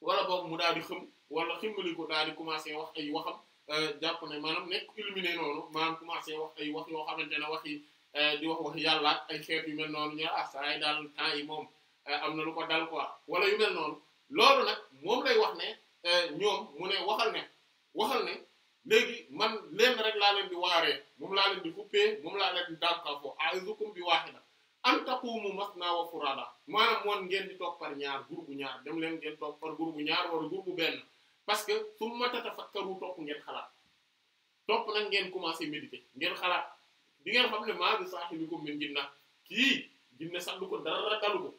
wala boog mu daal di xëm wala ximmali ko daal di commencé wax ay waxam euh, jàpp ne maanaam nekk illuminé noonu maanaam commencé wax ay wax yoo xamante ne wax yi di wax wax yàlla ak ay xeet yu mel noonu ñu ah saa yi daal temps yi moom am na lu ko dal quoi wala yu mel noonu loolu nag moom lay wax ne ñoom mu ne waxal ne waxal ne. léegi man lenn rek laa leen di waaree moom laa leen di xuppee moom laa leen di dànkafoo a'izukum bi wahida an taqumu naa wa furada maanaam moon ngeen di toog par ñaar groupe ñaar dem leen ngeen toog par groupe ñaar wala groupe benn parce que fa tatafakkaru topp ngeen xalaat topp nag ngeen commencé méditer ngeen xalaat di ngeen xam ne maa bi saahibikum min jinna kii jinne sax du ko dara dalu ko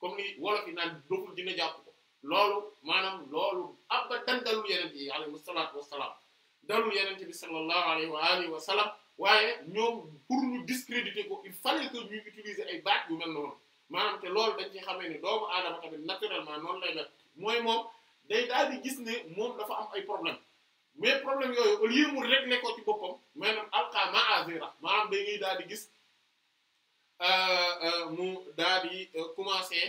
comme ni wolof yi naan doful dina jàpp ko loolu maanaam loolu abba dandalu yeneen yi alayhi salaatu wassalaam dalul yenente bi sallallahu alayhi wa alihi wa sallam waaye ñoom pour ñu discréditer ko il fallait que ñuy utiliser ay baat yu mel noonu maanaam te loolu dañ ci xamee ni doomu aadama tamit naturellement noonu lay def mooy moom day daal di gis ne moom dafa am ay problème mais problème yooyu au lieu mu régler ko ci boppam maanaam alqa ma'azira maanaam da ngay daal di gis euh, euh, mu daal di euh, commencer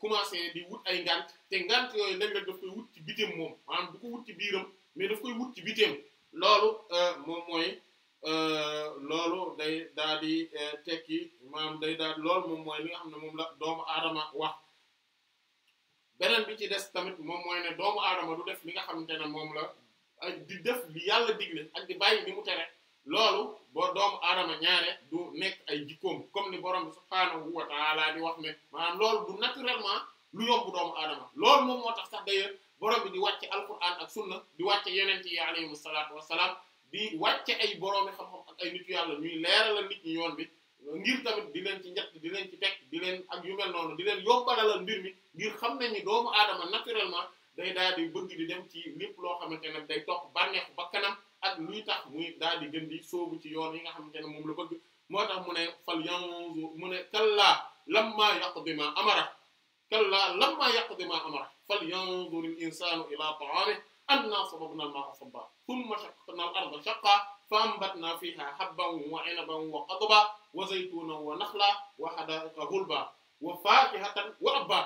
commencé di wut ay ngant te ngant yooyu léeg-léeg daf koy wut ci bitim moom maanaam du ko wut ci biiram mais daf koy wut ci bitim loolu euh, moom mooy euh, loolu day daal di euh, tekki maanaam day daal loolu moom mooy li nga xam ne moom la doomu aadama wax beneen bi ci des tamit moom mooy ne doomu aadama du def li nga xamante ne moom la di def li yàlla digle ak di bàyyi li mu tere loolu boo doomu aadama ñaare du nekk ay jikkoom comme ni borom bi subhaanahu wa ta'ala di wax ne maanaam loolu du naturellement lu yomb doomu aadama loolu moom moo tax sax d'ailleurs borom bi di wàcce alquran ak sunna di wàcce yeneen yi alayhimu salaatu wassalaam di wàcce ay boroomi xam-xam ak ay nitu yàlla ñuy leeralal nit ñi yoon bi ngir tamit di leen ci njëkk di leen ci teg di leen ak yu mel noonu di leen yombalalal mbir mi ngir xam nañ ni doomu aadama naturellement day daal di bëgg di dem ci lépp loo xamante ne day topp bànneexu bakkanam ak luy tax muy daal di gën soobu ci yoon yi nga xamante ne moom la bëgg motax mu ne fal yanzu mu ne kallaa lamma yaqdima amara kallaa lamma yaqdima amara fal yanzur al insanu ila ta'amihi anna sababna ma asaba thumma shaqqna al arda shaqqa fa anbatna fiha habban wa 'inaban wa qadba wa zaytuna wa nakhla wa hadaqa hulba wa fakihatan wa abba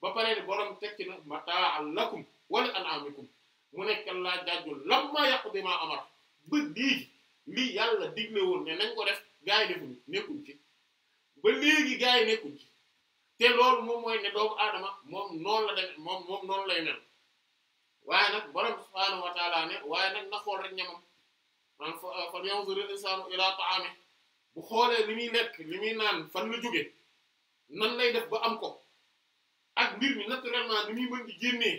ba pare borom tekki na mata'a lakum wa li an'amikum mu ne kallaa jàjjul lammaa yaqdi maa amar ba léegi lii yàlla digle woon ne nañ ko def gaa yi defuñu nekkuñ ci ba léegi gaa nekkuñ ci te loolu moom mooy ne doomu aadama moom noonu la dem moom moom lay mel waaye nag borom subhaanahu wa ne waaye nag na xool rek ñamam man fal yanzuril insaanu ilaa ta'aamihi bu xoolee li muy lekk li muy naan fan la jóge nan lay def ba am ko ak mbir mi naturellement ni muy mën di génnee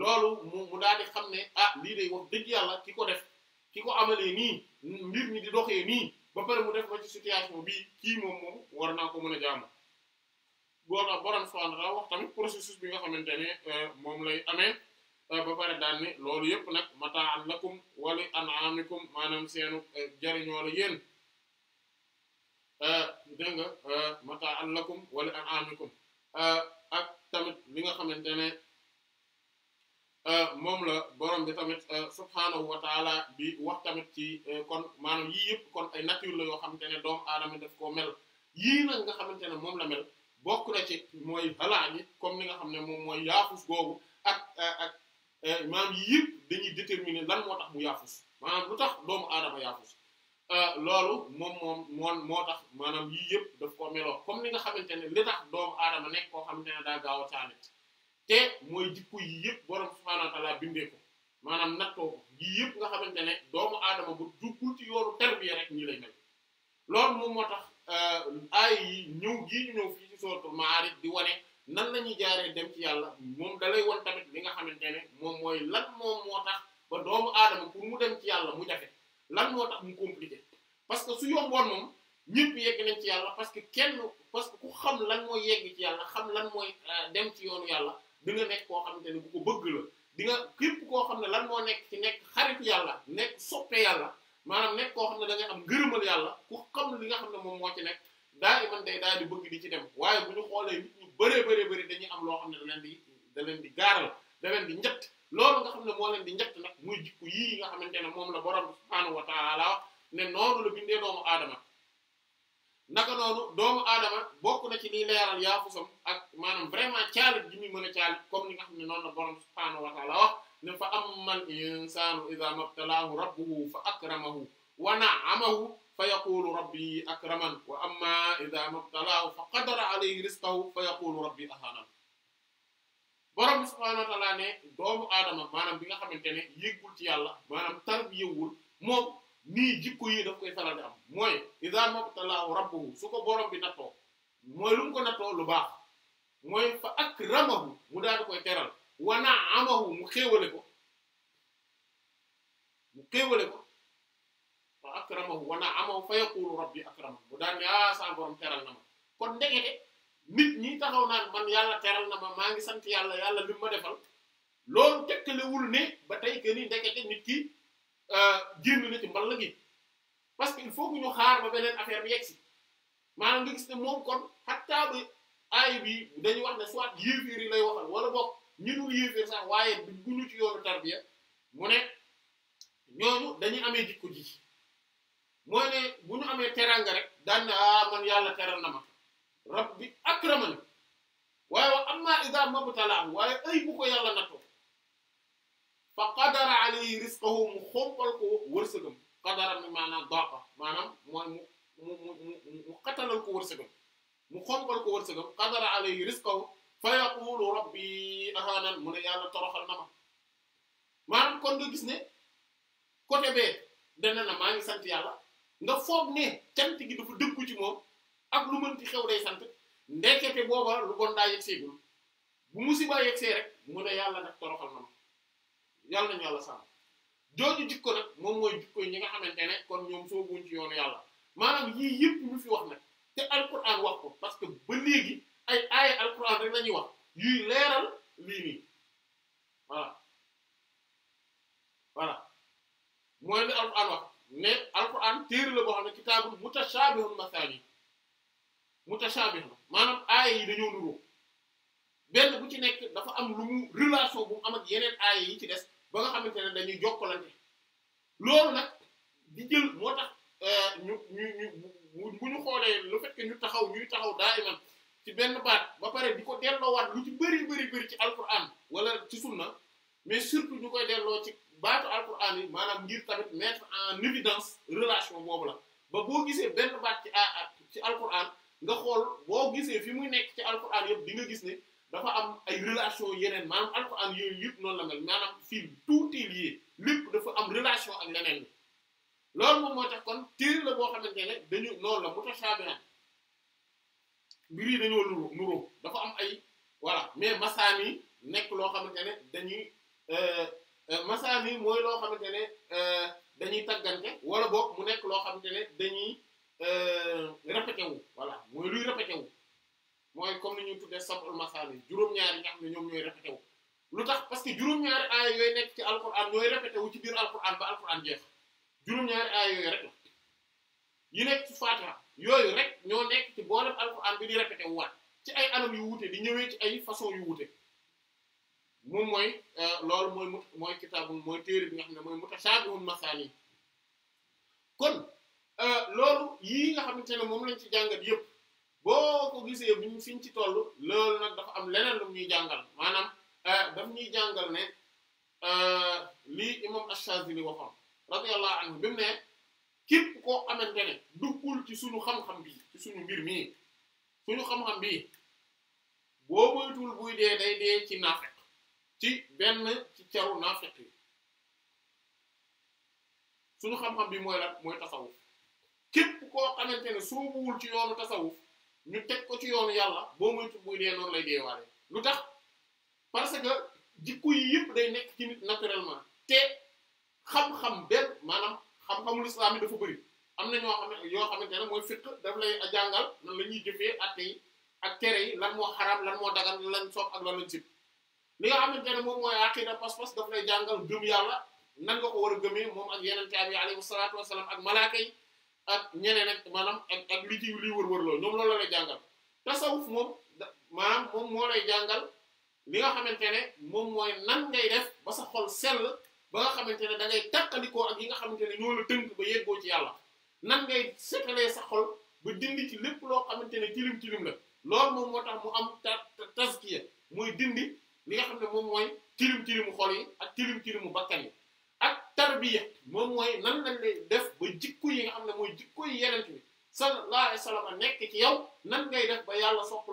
loolu mu mu daal di xam ne ah lii day wax dëgg yàlla ki ko def ki ko amalee nii mbir mi di doxe nii ba pare mu def ba ci situation bii kii moom moom war naa ko mën a jaamu boo tax borom subhanahu wa bi nga xamante ne euh, moom lay amee euh, ba pare daal loolu yëpp nag mata'an lakum wa li an'amikum maanaam seenu euh, jariñoo la yéen dégg nga mata'an lakum wa li an'amikum tamit li nga xamante ne Euh, moom la borom bi tamit euh, subhaanahu wa bi wax tamit ci euh, kon maanaam yii yëpp kon ay nature la yoo xamante ne doomu aadama daf koo mel yii nag nga xamante ne moom la mel na ci mooy halaa gi comme ni nga xam ne moom mooy yaafus googu ak ak maanaam yii yëpp dañuy déterminer lan moo tax mu yaafus maanaam lu tax doomu aadama yaafus loolu moom moom moo tax maanaam yii yëpp daf koo meloo comme ni nga xamante ne li tax doomu aadama nekk koo xamante ne daa gaaw a saanit te mooy jikko yi yëpp borom subhaanahu wa ta'aala bindee ko maanaam nattoo ko yii yëpp nga xamante ne doomu aadama bu duggul ci yoonu tarbiya rek ñii lay mel loolu moom moo tax euh, aay yi ñëw gii ñu ñëw fii ci sooratul Ma'aarij di wane nan la ñuy jaaree dem ci yàlla moom dalay won tamit li nga xamante ne moom mooy lan moom moo tax ba doomu aadama pour mu dem ci yàlla mu jafe lan moo tax mu compliqué parce que su yomboon moom ñëpp yegg nañ ci yàlla parce que kenn parce que ku xam lan mooy yegg ci yàlla xam lan mooy euh, dem ci yoonu yàlla di nga nekk koo xamante ne bu ko bëgg la di nga képp koo xam ne lan moo nekk ci nekk xaritu yàlla nekk soppe yàlla maanaam nekk koo xam ne da am ngërëmal yàlla ku xam li nga xam ne moom moo ci nekk daal di man daal di bëgg di ci dem waaye bu ñu xoolee nit bëree bëree bëri dañuy am loo xam ne da leen di da leen di gaaral da leen di njett loolu nga xam ne moo leen di njett nag muy jikko yii nga xamante ne moom la borom subhaanahu wa taala ne noonu la bindee doomu aadama naka noonu doomu aadama bokk na ci liy leeral yaafusam ak maanaam vraiment caalit ji muy mën a caalit comme ni nga xam ne noonu la borom subhaanahu ne fa ammal insaanu idha mabtalaahu rabbuhu fa akramahu wa na'amahu fa yaqulu rabbi fa qadara alayhi rizqahu fa yaqulu rabbi ahanan borom bi subhaanahu ne doomu aadama maanaam bi nga xamante ne yëggul ci yàlla maanaam tarbiyewul moom nii jikko yi daf koy faral di am mooy iza mabtalaahu rabbuhu su ko borom bi nattoo mooy lu mu ko nattoo lu baax mooy fa akramahu mu daal di koy teral wa na'amahu mu xéewale ko mu xéewale wa na'amahu mu daal ne ah, na ma kon ndekete nit ñi taxaw man yàlla teral na ma maa ngi sant yàlla yàlla li ma defal loolu tekkalewul ne ba tey que ni ndekete nit ki. Euh, génn na ci mbal gi que il faut que ñu xaar ba beneen affaire bi yegg si maanaam nga gis ne moom kon hatta ba aay bi dañuy wax ne soit yéeféer yi lay waxal wala boog ñi dul yéeféer sax waaye dugguñu ci yoonu tarbiya mu ne ñooñu dañuy amee jikko ji mooy ne bu ñu amee teranga rek daan na ah man yàlla teral na ma rabbi akramani waaye wa amma idha mabtalahu waaye ay bu ko yàlla nattoo fa qadara alayhi rizqahu mu xompal ko wërsëgam qadara mi maanaam daaqa maanaam mooy mu mu mu mu xatalal ko wërsëgam mu xompal ko wërsëgam qadara alayhi rizqahu fa yaqulu rabbi ahaanan mu ne yàlla toroxal na ma maanaam kon nga gis ne côté bee dana na maa ngi sant yàlla nga foog ne cant gi dafa dëkku ci moom ak lu mënti xew day sant ndekete booba lu bon daa yegseegul bu musiba yegsee rek mu ne yàlla nag toroxal na ma yàlla nañu yàlla sàmm jooju jikko nag moom mooy jikko ñi nga xamante ne kon ñoom sooguñ ci yoonu yàlla maanaam yii yëpp ñu fi wax nag te alquran wax ko parce que ba léegi ay aaya alquran rek la ñuy wax yuy leeral lii nii voilà voilà mooy li alquran wax ne alquran téere la boo xam ne kitaabul mutashaabihul masaani mutashaabih la maanaam aaya yi dañoo nuroo benn bu ci nekk dafa am lu mu relation bu mu am ak yeneen aaya yi ci des ba nga xamante ne dañuy jokkalante loolu nag di jël moo tax euh, ñu ñu ñu bu ñu xoolee lu fekk ñu taxaw ñuy taxaw daayiman ci benn baat ba pare di ko delloo delloowaat lu ci bëri bëri bëri ci alquran wala ci sunna mais surtout ñu koy delloo ci baatu alquran yi maanaam ngir tamit mettre en évidence relation boobu la ba boo gisee benn baat ci ci alquran nga xool boo gisee fi muy nekk ci alquran yëpp di nga gis ni dafa am ay relation yeneen maanaam alxuraan yooyu yëpp noonu la mel maanaam fii tout est lié lépp dafa am relation ak leneen loolu moom moo tax kon téere la boo xamante ne dañu loolu la mutashaabiha mbir yi dañoo nuru nuru dafa am ay voilà mais masaani nekk loo xam ne dañuy euh, euh, masaani mooy loo xamante ne euh, dañuy taggante wala boog mu nekk loo xam xamante ne dañuy répété wu voilà mooy luy répété moy comme niñu tuddé tuddee sab'ul masaani juróom-ñaari nga xam ne ñoom ñooy répété wu lutax parce que jurum ñaar ay yoy nek ci alcorane ñoy répété wu ci bir alcorane ba alcorane jeex jurum ñaar ay yoy rek yi nek ci Fatiha yoy rek ño nek ci bolam alcorane bi di répété wu wat ci ay anam yu wuté di ñëwé ci ay façon yu wuté moom moy euh, lool moy moy kitab moy téré bi nga xamné moy mooy mutashaabihul kon euh lool yi nga xamante mom lañ ci jangat yépp boo ko gisee bu ñu fiñ ci toll loolu nag dafa am leneen lu ñuy jàngal maanaam euh, daf ñuy jàngal ne euh, lii imam Ash-Shazili waxoon radiyallahu anhu bi mu ne képp koo xamante ne duggul ci suñu xam-xam bi suñu mbir mii suñu xam-xam bii boo moytuwul buy dee day dee ci naafeq ci benn ci caru naafeq yi suñu xam-xam bi mooy lan mooy tasawuf képp koo xamante ne soobuwul ci yoonu tasawuf ñu teg ko ci yoonu yàlla boo moytu buy dee noonu lay deewaale lu tax parce que jikko yi yëpp day nekk ci nit naturellement te xam-xam benn maanaam xam-xamul islam yi dafa bëri am na ñoo xam ne yoo xamante ne mooy fiqh daf lay ñuy jëfee atte yi tere yi lan moo xaraam lan moo dagan lan soog ak lan lañ sib li nga xamante ne moom mooy aqida pas-pas daf lay jàngal gëm yàlla nan nga ko war a gëmee moom ak yeneen taam yi alayhi salaatu wasalaam ak malaaka yi ak ñeneen ak maanaam ak ak li ci li wër-wër loolu ñoom loolu la lay jàngal tasawuf moom maanaam moom moo lay jàngal li nga xamante ne moom mooy nan ngay def ba sa xol sell ba nga xamante ne da ngay ak yi nga xamante ne ñoo la tënk ba yeggoo ci yàlla nan ngay setalee sa xol ba dindi ci lépp loo xamante ne tilim tilim la loolu moom moo tax mu am ta taskiya muy dindi li nga xam ne moom mooy tilim tilimu xol yi ak tilim tilimu bakkan yi salbiyya moom mooy nan lañ lay def ba jikko yi nga xam ne mooy jikko yi yenent bi sallallahu alayhi nekk ci yow nan ngay def ba la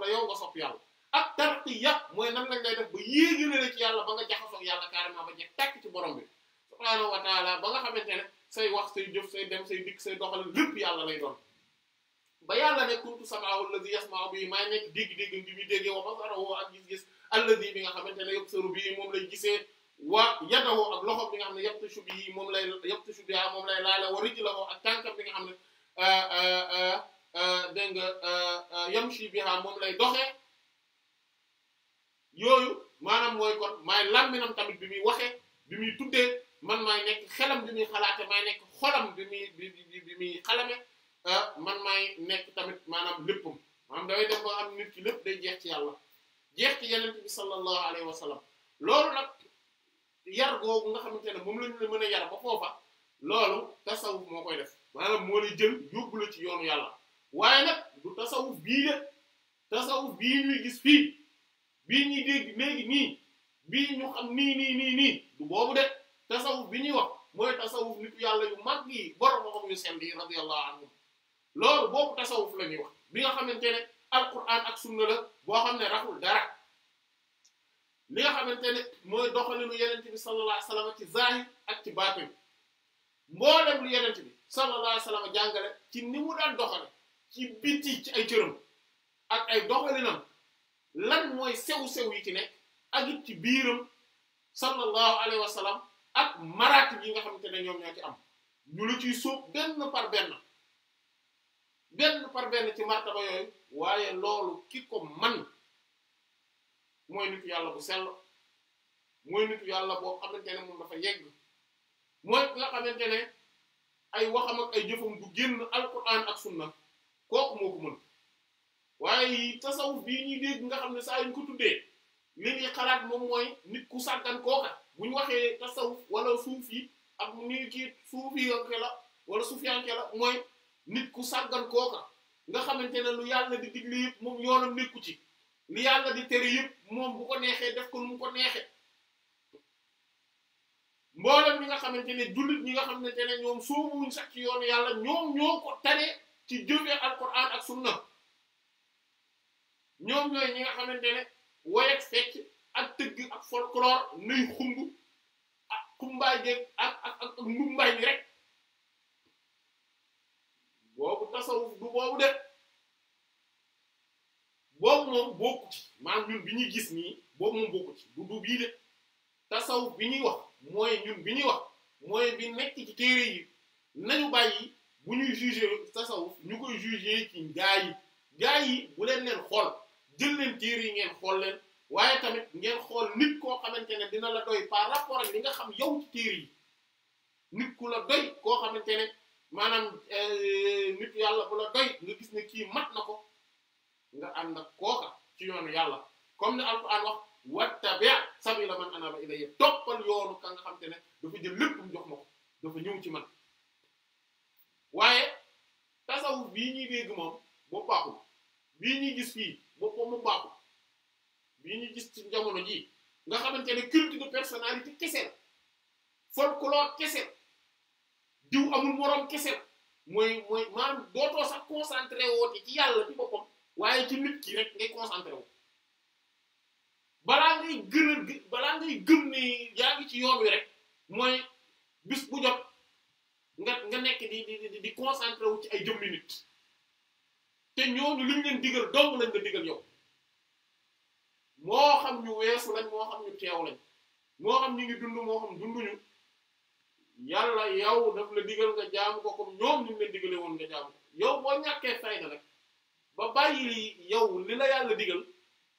yow nga sopp yàlla ak tarqiya mooy nan lañ lay def ba yéegale la ci yàlla ba nga jaxasoog yàlla carrément ba jeex tàkk ci borom bi subhaanahu wa taala ba nga xamante ne say wax say jëf say dem say ba yàlla ne kuntu sam'ahu alladhi yasma'u bihi maa nekk dégg-dégg ngi muy déggee wa basarahu ak gis-gis alladhi bi nga xamante ne yubsiru bihi moom lay gisee wa yadahu ak loxo bi nga xam ne yabtishu bii moom lay yabtishu biha moom lay laale wa rijlahu ak tànkam bi nga xam ne dégg nga yamshi biha moom lay doxee yooyu maanaam mooy kon maay làmminam tamit bi muy waxee bi muy tuddee man maay nekk xelam bi muy xalaate maay nekk xolam bi muy bi muy xalame man maay nekk tamit maanaam léppam maanaam dafay dem ba am nit ki lépp day jeex ci yàlla jeex ci yeneen bi sallallahu alayhi wa sallam loolu nag yar googu nga xamante ne moom lañu la mën a yar ba foofa loolu tasawuf moo koy def maanaam moo lay jël yóbbu ci yoonu yàlla waaye nag du tasawuf bii de tasawuf gis fii bii ñuy dégg léegi nii bii ñu xam nii nii de tasawuf bi ñuy wax mooy tasawuf yàlla yu mag yi borom xam yu sell yi radiyallahu anhum loolu la ñuy wax bi nga xamante ne alquran ak sunna la boo xam ne raxul dara li nga xamante ne mooy doxalinu yenente bi sallallahu alayhi wasallam ci zahir ak ci baatin mboolem lu yenente bi sallallahu alayhi wasallam jàngale ci ni mu daan doxale ci biti ci ay cëram ak ay doxalinam lan mooy sew-sew yi ci ne ak ci biiram sallallahu alayhi salaam ak maraati yi nga xamante ne ñoom ñoo ci am ñu lu ciy sóob benn par benn benn par benn ci martaba yooyu waaye loolu ki ko man mooy nitu yàlla bu sell mooy nitu yàlla boo xamante ne moom dafa yegg mooy la xamante ne ay waxam ak ay jëfam du génn alquran ak sunna kooku moo ko mën waaye bii ñuy dégg nga xam ne saa ko tuddee li ñuy moom mooy nit ku sàggan kooka bu ñu waxee tasawuf wala suuf yi ak ni wala suuf yanke nit ku sàggan kooka nga xamante ne lu yàlla di digle yëpp moom yoonam nekku ci li yàlla di tere yëpp moom bu ko neexee def ko nu mu ko neexee mboolem ñi nga xamante ne jullit ñi nga xamante ne ñoom soobuwuñ sax ci yoon yàlla ñoom ñoo ko tane ci jëfee alquran ak sunna ñoom ñooy ñi nga xamante ne woy ak fecc ak tëgg ak folklore nuy xumb ak xumbaay jéeg ak ak ak ndumbaay bi rek boobu tasawuf du boobu de. boobu moom bokku ci maanaam ñun bi ñuy gis nii boobu moom bokku ci du du bii de tasawuf bi ñuy wax mooy ñun bi ñuy wax mooy bi nekk ci téere yi nañu bàyyi bu ñuy jugé tasawuf ñu koy jugé ci gaa yi gaa yi bu leen leen xool jël leen téere yi ngeen xool leen waaye tamit ngeen xool nit koo xamante ne dina la doy par rapport ak li nga xam yow ci téere yi nit ku la doy koo xamante ne maanaam euh, nit yàlla bu la doy nga gis ne kii mat na ko nga ànd ak kooka ci yoonu yàlla comme ni alquran wax wattabi' sabila man anaba ilayya toppal yoonu ka nga xam te ne dafa jël lépp mu jox ma ko dafa ñëw ci man waaye tasawuf bii ñuy dégg moom boo baaxul bii ñuy gis fii boppam mu baaxul bii ñuy gis ci jamono jii nga xamante ne culte de personnalité kese la folklore kese la diw amul moroom kese la mooy mooy maanaam dootoo sax concentré woote ci yàlla ci boppam waaye ci nit ki rek ngay concentré wu balaa ngay gën balaa ngay gëm ne yaa ci yoon wi rek mooy bis bu jot nga nekk di di di concentré wu ci ay jëmmi nit te ñooñu liñ leen digal dong lañ nga digal yow moo xam ñu weesu lañ moo xam ñu teew lañ moo xam ñu ngi dund moo xam dunduñu yàlla yow daf la digal nga jaamu ko comme ñoom ñu leen digale woon nga jaamu ko yow ñàkkee fayda rek. bàyyi yow li la yàlla digal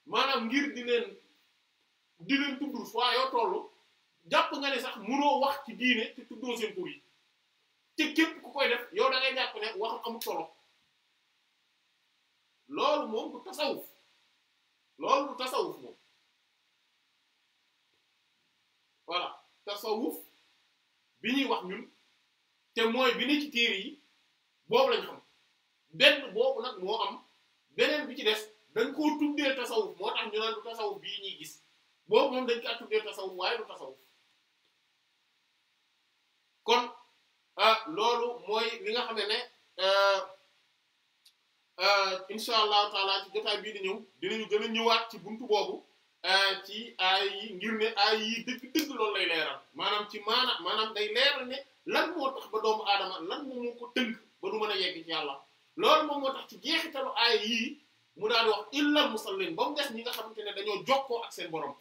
maanaam ngir di leen di leen tudd yoo toll jàpp nga ne sax mënoo wax ci diine te seen tur yi te képp ku koy def yow da ngay jàpp ne wax amul solo loolu moom du tasawuf loolu moom voilà tasawuf bi ñuy wax ñun te mooy bi ni ci téere yi boobu lañ xam benn boobu nag moo am beneen bi ci des dañ koo tuddee tasawuf moo tax ñu naan du tasawuf bii ñuy gis boobu moom dañ kaa tuddee tasawuf waaye du tasawuf kon ah loolu mooy li nga xam ne ah, ah, incha allahu taala ci jotaay bii di ñëw dinañu gën a ñëwaat ci buntu boobu ah, ci ay yi ngir ne ay yi dëgg-dëgg loolu lay leeral maanaam ci maana maanaam day leeral ne lan moo tax ba doomu aadama lan moo ko tënk ba du mën a yegg ci yàlla loolu moom moo tax ci jeexitalu aaya yii mu daal di wax illal musallin ba mu des ñi nga xamante ne dañoo jokkoo ak seen borom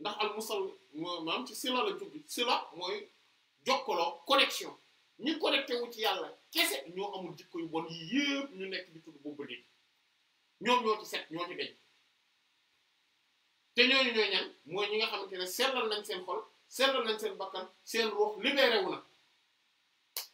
ndax al musal maam ci sila la jubbi sila mooy jokkaloo connexion ñi connecté wu ci yàlla kese ñoo amul jikko yu bon yi yëpp ñu nekk di tudd boobu léegi ñoom ñoo ñoo ci te ñooñu ñooy ñi nga xamante ne sellal nañ seen xol sellal nañ seen bakkan seen ruux libéré na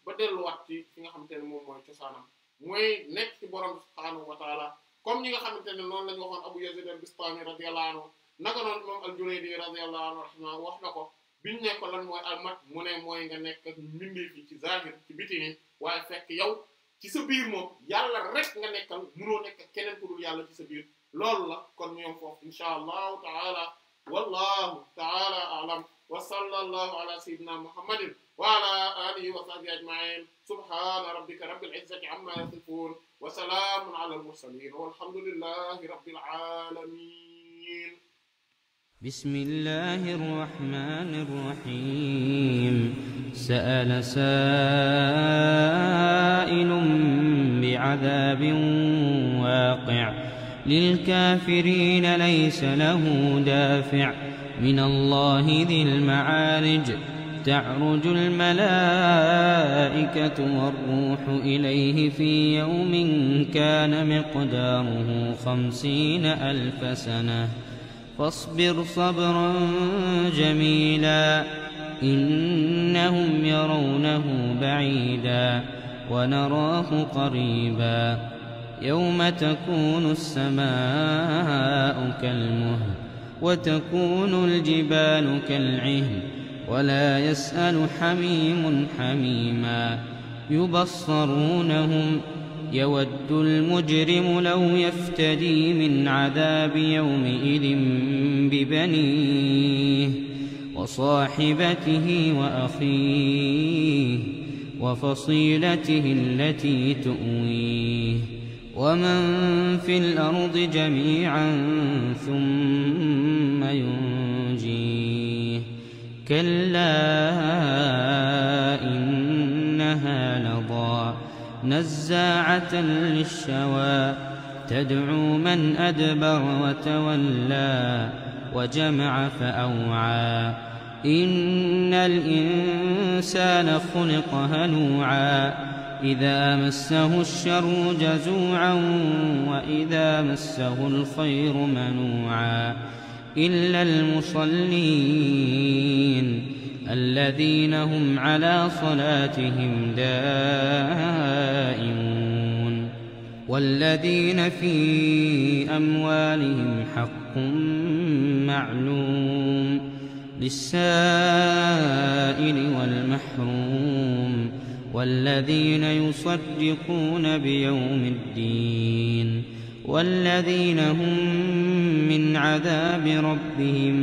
ba delluwaat ci fi nga xamante ne moom mooy cosaanam moy nek ci borom subhanahu wa taala comme ñi nga xamantene non lañ waxon Abu Yazid al-Bistami radiyallahu anhu naka non mom al-Junayd radiyallahu anhu rahimahu wax nako ko biñ ne ko lan mooy almat mu ne moy nga nekk mbindeef fi ci zahir ci biti ni waaye fekk yow ci sa bir mom yàlla rek nga nekkal mënoo nek keneen ku dul yàlla ci sa bir loolu la kon ñu foofu fofu inshallah taala wallahu taala alam wa sallallahu ala sayyidina muhammadin wa ala alihi wa sahbihi ajma'in سبحان ربك رب العزة عما يصفون وسلام على المرسلين والحمد لله رب العالمين بسم الله الرحمن الرحيم سأل سائل بعذاب واقع للكافرين ليس له دافع من الله ذي المعارج تعرج الملائكة والروح إليه في يوم كان مقداره خمسين ألف سنة فاصبر صبرا جميلا إنهم يرونه بعيدا ونراه قريبا يوم تكون السماء كالمهل وتكون الجبال كالعهن ولا يسأل حميم حميما يبصرونهم يود المجرم لو يفتدي من عذاب يومئذ ببنيه وصاحبته وأخيه وفصيلته التي تؤويه ومن في الأرض جميعا ثم ينفر كلا إنها لضا نزاعة للشوى تدعو من أدبر وتولى وجمع فأوعى إن الإنسان خلق هلوعا إذا مسه الشر جزوعا وإذا مسه الخير منوعا إلا المصلين الذين هم على صلاتهم دائمون والذين في أموالهم حق معلوم للسائل والمحروم والذين يصدقون بيوم الدين والذين هم من عذاب ربهم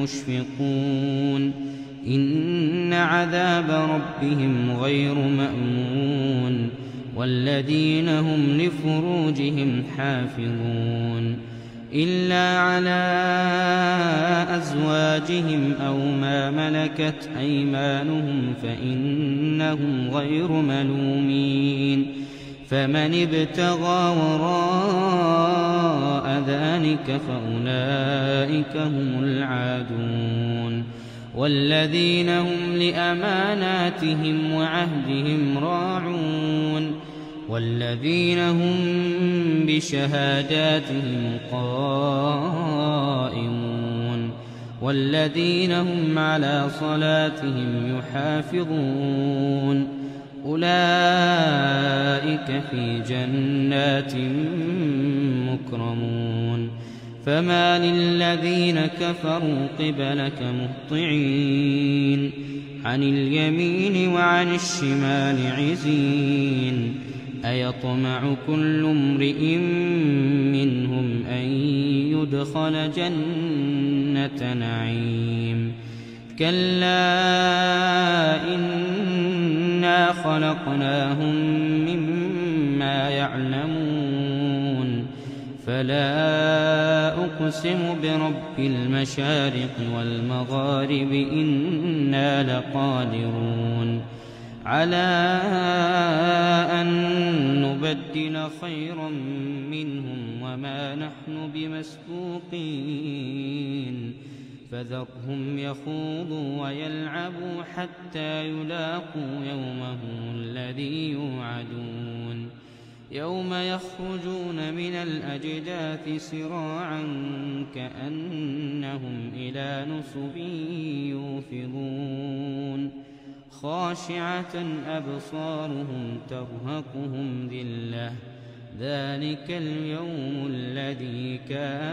مشفقون إن عذاب ربهم غير مأمون والذين هم لفروجهم حافظون إلا على أزواجهم أو ما ملكت أيمانهم فإنهم غير ملومين فمن ابتغى وراء ذلك فأولئك هم العادون والذين هم لأماناتهم وعهدهم راعون والذين هم بشهاداتهم قائمون والذين هم على صلاتهم يحافظون أولئك في جنات مكرمون فما للذين كفروا قبلك مهطعين عن اليمين وعن الشمال عزين أيطمع كل امرئ منهم أن يدخل جنة نعيم كلا إن إِنَّا خَلَقْنَاهُمْ مِمَّا يَعْلَمُونَ فَلَا أُقْسِمُ بِرَبِّ الْمَشَارِقِ وَالْمَغَارِبِ إِنَّا لَقَادِرُونَ على أن نبدل خيرا منهم وما نحن بمسبوقين فذرهم يخوضوا ويلعبوا حتى يلاقوا يومهم الذي يوعدون يوم يخرجون من الأجداث سراعا كأنهم إلى نصب يوفضون خاشعة أبصارهم ترهقهم ذلة ذلك اليوم الذي كان